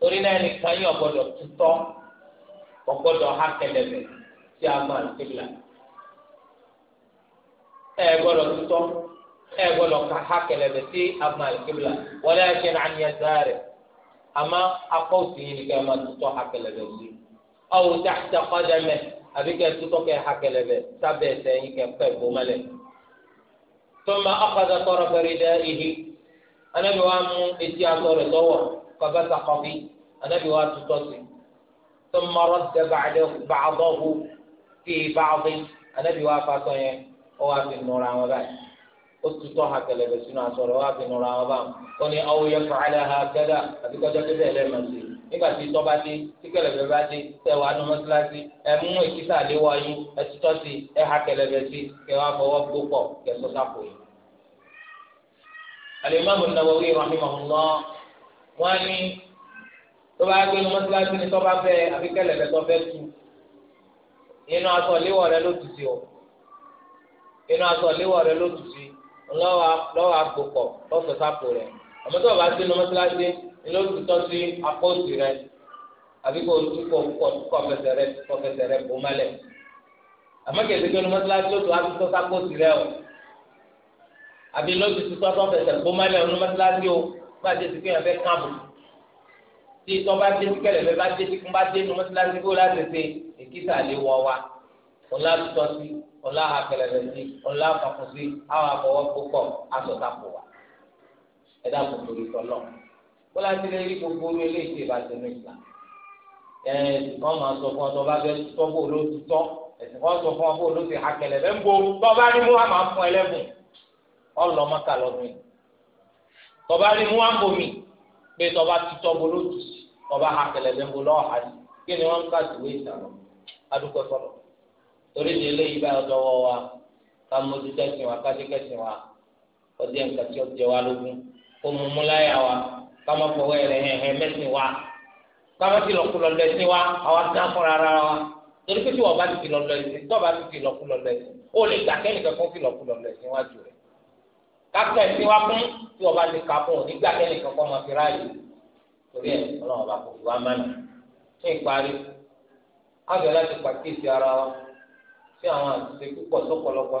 torí náà nìkan yóò gbọdọ̀ tutọ́ ọgbọdọ̀ ha kẹlẹ̀bẹ̀ sí agbọ̀n al-qibla ẹ gbọdọ̀ tutọ́ ẹ gbọdọ̀ ha kẹlẹ̀bẹ̀ sí agbọ̀n al-qibla walakin an yasari àmọ́ akọ́sí yìí nìkan máa tutọ́ ha kẹlẹ̀bẹ̀ sí aw tahta qadamihi àbí kẹ́ tutọ́ kẹ́ ha kẹlẹ́bẹ̀ sábẹ́ ẹsẹ̀ yín kẹ́ pẹ́ bomalẹ̀. tọ́mà ọ̀kadà tọrọ fẹ́rẹ́ dẹ́ ihi anabi wa mú etí aṣọ rẹ̀ lọ́wọ́ kọfẹ́ sàkọ́bí anabi wa tutọ́ sí tọ́mà rọ́dẹ̀ bàdọ́hu kì í bàdí anabi wa fasọ yẹn ó wà fi nùrọ̀ àwọn báyìí ó tutọ́ ha kẹlẹ́bẹ̀ sínú aṣọ rẹ̀ wà fi nùrọ̀ àwọn báyìí kọ́ni awuyẹ fàcálẹ̀ ha kẹ́dà àbíkọ́jọ́ kẹ́dà ẹ̀ lẹ́ẹ̀mọ̀ sí i nígbà tí tọ́ bá dé tí kẹlẹ̀bẹ bá dé tẹ wàá nu mọ́sálásí ẹ mú èkìtà lé wáyú ẹ tutọ́ sí ẹ ha kẹlẹ̀bẹ sí kẹ wàá fọwọ́ gbó pọ̀ kẹ sọ sápò yìí. Al-Imam An-Nawawi rahimahullah wọ́n ní tó bá gbé nu mọ́sálásí ni tọ́ bá fẹ́ àbí kẹlẹ̀bẹ tọ́ fẹ́ tu inú aṣọ léwọ̀ rẹ ló tù o inú aṣọ léwọ̀ rẹ ló tù sí lọ́wọ́ àgbòkọ̀ lọ́sọ̀ sápò rẹ̀ àmọ́tọ́ bá ilé oṣù tó sí akóòtù rẹ àbí kò tún kò kò kò fẹsẹ̀ rẹ kò fẹsẹ̀ rẹ bò mọ́lẹ̀ àmọ́ kẹsì pé onímọ̀sálásí ló tó a ti tọ́ sákóòtù rẹ o àbí lóṣù tó tọ́ tó fẹsẹ̀ bò mọ́lẹ̀ onímọ̀sálásí o bá a ti ti pé yẹn fẹ́ káàbù tí ìtọ́ bá dé sí kẹlẹ̀ bẹ́ẹ̀ bá dé sí kún bá dé onímọ̀sálásí kó láti ṣe èkìtà lè wọ wa ọ̀la tutọ́ sí ọ̀la akẹlẹ̀lẹ̀ sí ọ̀la afọ̀kùn sí àwọn afọwọ́ púpọ̀ asọ̀tàpọ̀ wa ẹ̀dá kò torí sọ náà kó láti lè rí gbogbo orí eléyìí tí ìbá tẹnu ìgbà ẹ̀sìn kan máa sọ fún ọ tó bá fẹ́ tọ́ bó ló ti tọ́ ẹ̀sìn kan sọ fún ọ bó ló ti hakẹlẹ̀ bẹ́ẹ̀ ń bo tọ́ bá rí mú wa máa fún ẹlẹ́bùn ọlọ mọ́kà lọ́dún yìí tọ́ bá rí mú wa ń bomi pé tọ́ bá ti tọ́ bó ló ti tọ́ bá hakẹlẹ̀ bẹ́ẹ̀ ń bo lọ́ọ̀ hàdí kí ni wọ́n ń ká ìwé ìtàlọ́ adúgbò fọlọ́ torí di eléyìí bá ọdọwọ wa ká mójú kẹsìn wa ká dé kẹsìn wa ọdẹ nǹkan tí ó jẹ wa lógún ó mú mú wa kama fọwọ́ ẹ̀rẹ̀ hẹ̀ hẹ̀ mẹ́sìn wa kama ti lọ́kù lọ́lọ́ ẹ̀sìn wa àwa ti náà fúnra ara wa torí pé tí wọ́n bá ti fi lọ́lọ́ ẹ̀sìn tó bá ti fi lọ́kù lọ́lọ́ ẹ̀sìn ó lè gbà kẹ́nìkan fún fi lọ́kù lọ́lọ́ ẹ̀sìn wa jù rẹ̀ kápẹ́ ẹ̀sìn wa fún tí wọ́n bá ti kà fún òní gbà kẹ́nìkan fún ọmọ fira yìí torí ẹ̀ ọlọ́run bá kò fi wá mánà fún ìparí ábẹ̀ láti pàkíyèsí ara wa sí àwọn àtúnṣe púpọ̀ sọ́pọ̀lọpọ̀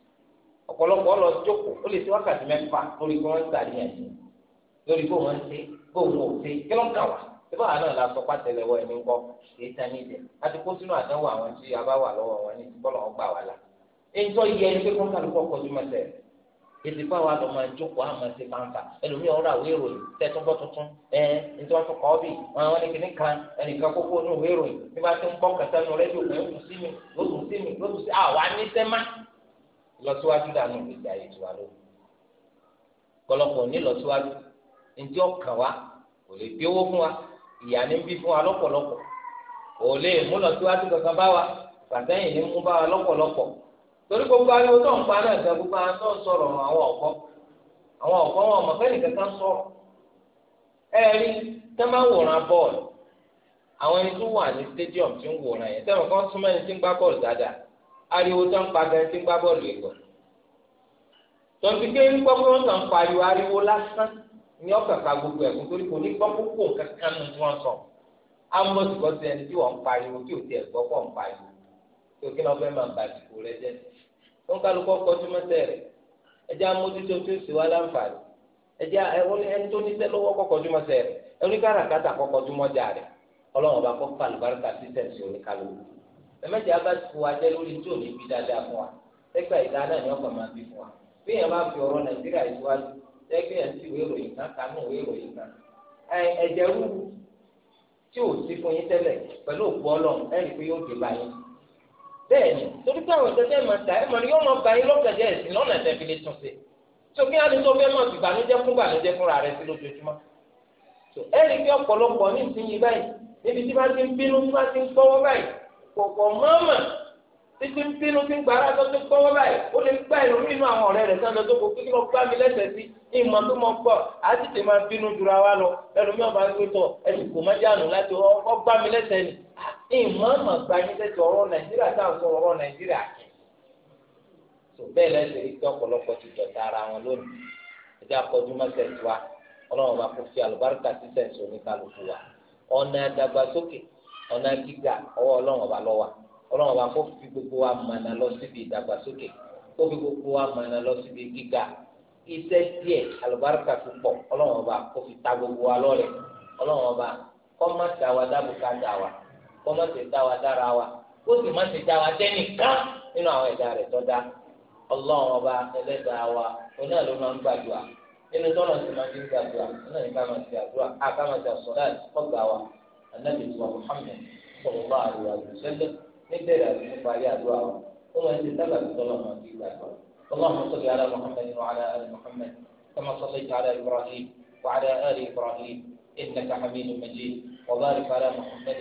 ọ̀pọ̀lọpọ̀ lọ jókòó ó lè ti wákàtí mẹ́fà lórí kó wọ́n ń sàníyàn sí lórí kó wọ́n ń ṣe kó wọ́n ò ṣe kí ló ń kà wá síbá àná la sọ pàtẹ́lẹwọ́ ẹni ńkọ́ kì í ta ní ìdẹ láti kó sínú àdánwò àwọn tí a bá wà lọ́wọ́ wọn ní ìdíkọ́ lọ́wọ́ gbà wá la ẹnjọ́ yẹ ẹni pé kọ́ńkàlùkọ́ kọjú mọ́tẹ́ ètò ìpá lọ máa jókòó àmọ́ ṣe pàǹpà ẹlòmíràn ọ̀rọ̀ àwọn èròyìn tẹ́túnbọ̀ tuntun ẹ nítorí wọn tún wọn ní kíní kan ẹnìkan kókó ní òwe èròyìn bí wọn ti ń gbọ́ kẹta nù rẹ́díò pé ó tún sí mi ó sí mi ó sí àwa ní sẹ́mà lọsíwájú dànù ìgbésí ayé tiwa lónìí pọ̀lọpọ̀ ní lọsíwájú ǹjẹ́ ọkàn wa kò lè bí owó fún wa ìyá ní bí fún wa lè mú lọsíwájú kankan wa pàtẹ́yìn ní mú bá wa lọpọlọpọ torí gbogbo ń gbogbo ń sọ̀rọ̀ àwọn ọ̀kọ́ àwọn ọ̀kọ́ wọn ọmọ fẹ́ẹ́ nìkan kan sọ̀rọ̀ stadium ti ń wòran yẹn kan súnmọ́ ẹni tí ń gbá ariwo tó ń pa gan ti ń gbá bọ́ọ̀lù ẹ̀kọ́ tọ́sí pé ń gbọ́ pé wọ́n kàn ń pariwo ariwo lásán ní ọ̀kàn ká gbogbo ẹ̀kún torí kò ní gbọ́ púpọ̀ kankan nù tí wọ́n sọ amọ̀sí kọ́ sí ẹni tí wọ́n ń pariwo kí o ti ẹ̀ gbọ́ pọ̀ ń pariwo kí o kí lọ́ fẹ́ máa bà jìkò rẹ jẹ́ tó ń kálukọ́ kọjú mọ́tẹ́ rẹ̀ ẹjẹ́ amójútó tó sì wá láǹfààní ẹjẹ́ ẹni tó ẹ̀mẹ́jẹ̀ abá ti wà jẹ́ lórí tí ò ní bí dáadáa fún wa ẹgbẹ́ ìdá náà ni ọkọ̀ máa bí fún wa bí yẹn bá fi ọ̀rọ̀ nàìjíríà ìwájú ẹgbẹ́ yẹn sì wéèrò yìí kan kanú wéèrò yìí kan ẹ̀jẹ̀ rú tí ò sí fún yín tẹ́lẹ̀ pẹ̀lú òkú ọlọ́run ẹ̀rí pé yóò dé báyìí bẹ́ẹ̀ni torí pé àwọn ìtẹ́tẹ́ máa ta ẹ̀ mọ̀ni yóò máa ba yín lọ́kẹ̀dẹ́ ẹ̀sìn lọ́nà ẹ̀sẹ̀ fi lè tún sí tó kí adé tó fẹ́ máa fi bànújẹ́ fún bànújẹ́ fúnra rẹ̀ sí lójoojúmọ́ ẹ̀rí pé ọ̀pọ̀lọpọ̀ ní ìsinyìí báyìí níbi tí bá ti ń bínú tí bá ti ń gbọ́wọ́ báyìí kọ̀kọ̀ mọ́mọ́ títí ń bínú tí ń gbàrà tó ti gbọ́ báyìí ó lè gbá ìrònú inú àwọn ọ̀rẹ́ rẹ̀ sáńdọ̀ tó kò kí ló gbá mi lẹ́sẹ̀ sí ní ìmọ̀ tó mọ̀ pọ̀ á sì tè máa bínú jura wa lọ ẹnu mi ò bá gbé tọ̀ ẹsì kò má jáàánú láti ọ gbá mi lẹ́sẹ̀ ni ìmọ̀ ọ̀mọ̀ gba yín lẹ́sẹ̀ ọ̀rọ̀ nàìjíríà tá à ń sọ ọ̀rọ̀ nàìjíríà kì tó bẹ́ẹ̀ lẹ́sẹ̀ rí pé ọ̀pọ̀lọpọ̀ ti dọ̀tá ara wọn lónìí ẹjẹ́ akọ́jú mọ́sẹ̀ tiwa ọlọ́run ọ̀nà gíga ọwọ́ ọlọ́run ọba lọ́wọ́ ọlọ́run ọba kó fi gbogbo wa lọ síbi ìdàgbàsókè kó fi gbogbo wa lọ síbi gíga iṣẹ́ díẹ̀ alùbáríkà tó pọ̀ ọlọ́run ọba gbogbo wa lọ́rẹ̀ ọlọ́run ọba kó má ti àwa dà wa má ti dá wa dára wa kó sì má ti dá wa nínú àwọn ẹ̀dá rẹ̀ tó dá ọlọ́run ọba ẹlẹ́dàá wa oní ń gbàdúrà النبي صلى محمد صلى الله عليه وسلم نبدأ بمفاجأة دعاء وما يتبع الظلام في الأكبر اللهم صل على محمد وعلى آل محمد كما صليت على إبراهيم وعلى آل إبراهيم إنك حميد مجيد وبارك على محمد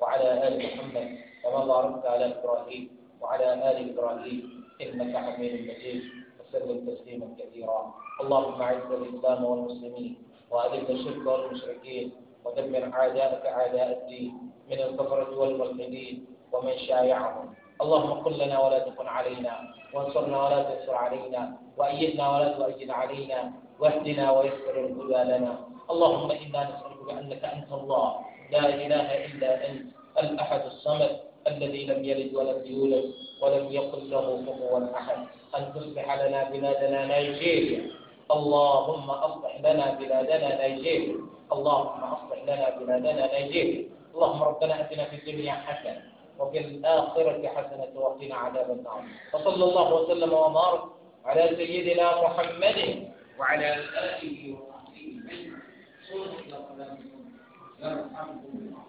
وعلى آل محمد كما باركت على إبراهيم وعلى آل إبراهيم إنك حميد مجيد وسلم تسليما كثيرا اللهم أعز الإسلام والمسلمين وأذل الشرك والمشركين ودمر أعداءك أعداء الدين من الكفرة والملحدين ومن شايعهم اللهم كن لنا ولا تكن علينا وانصرنا ولا تنصر علينا وأيدنا ولا تؤيد علينا واهدنا ويسر الهدى لنا اللهم إنا نسألك بأنك أنت الله لا إله إلا أنت الأحد الصمد الذي لم يلد ولم يولد ولم يقل له كفوا أحد أن تصلح لنا بلادنا نيجيريا اللهم أصلح لنا بلادنا نيجيريا اللهم اصلح لنا بلادنا نيجيريا اللهم ربنا اتنا في الدنيا حسنه وفي الاخره حسنه وقنا عذاب النار وصلى الله وسلم وبارك على سيدنا محمد وعلى اله وصحبه اجمعين الله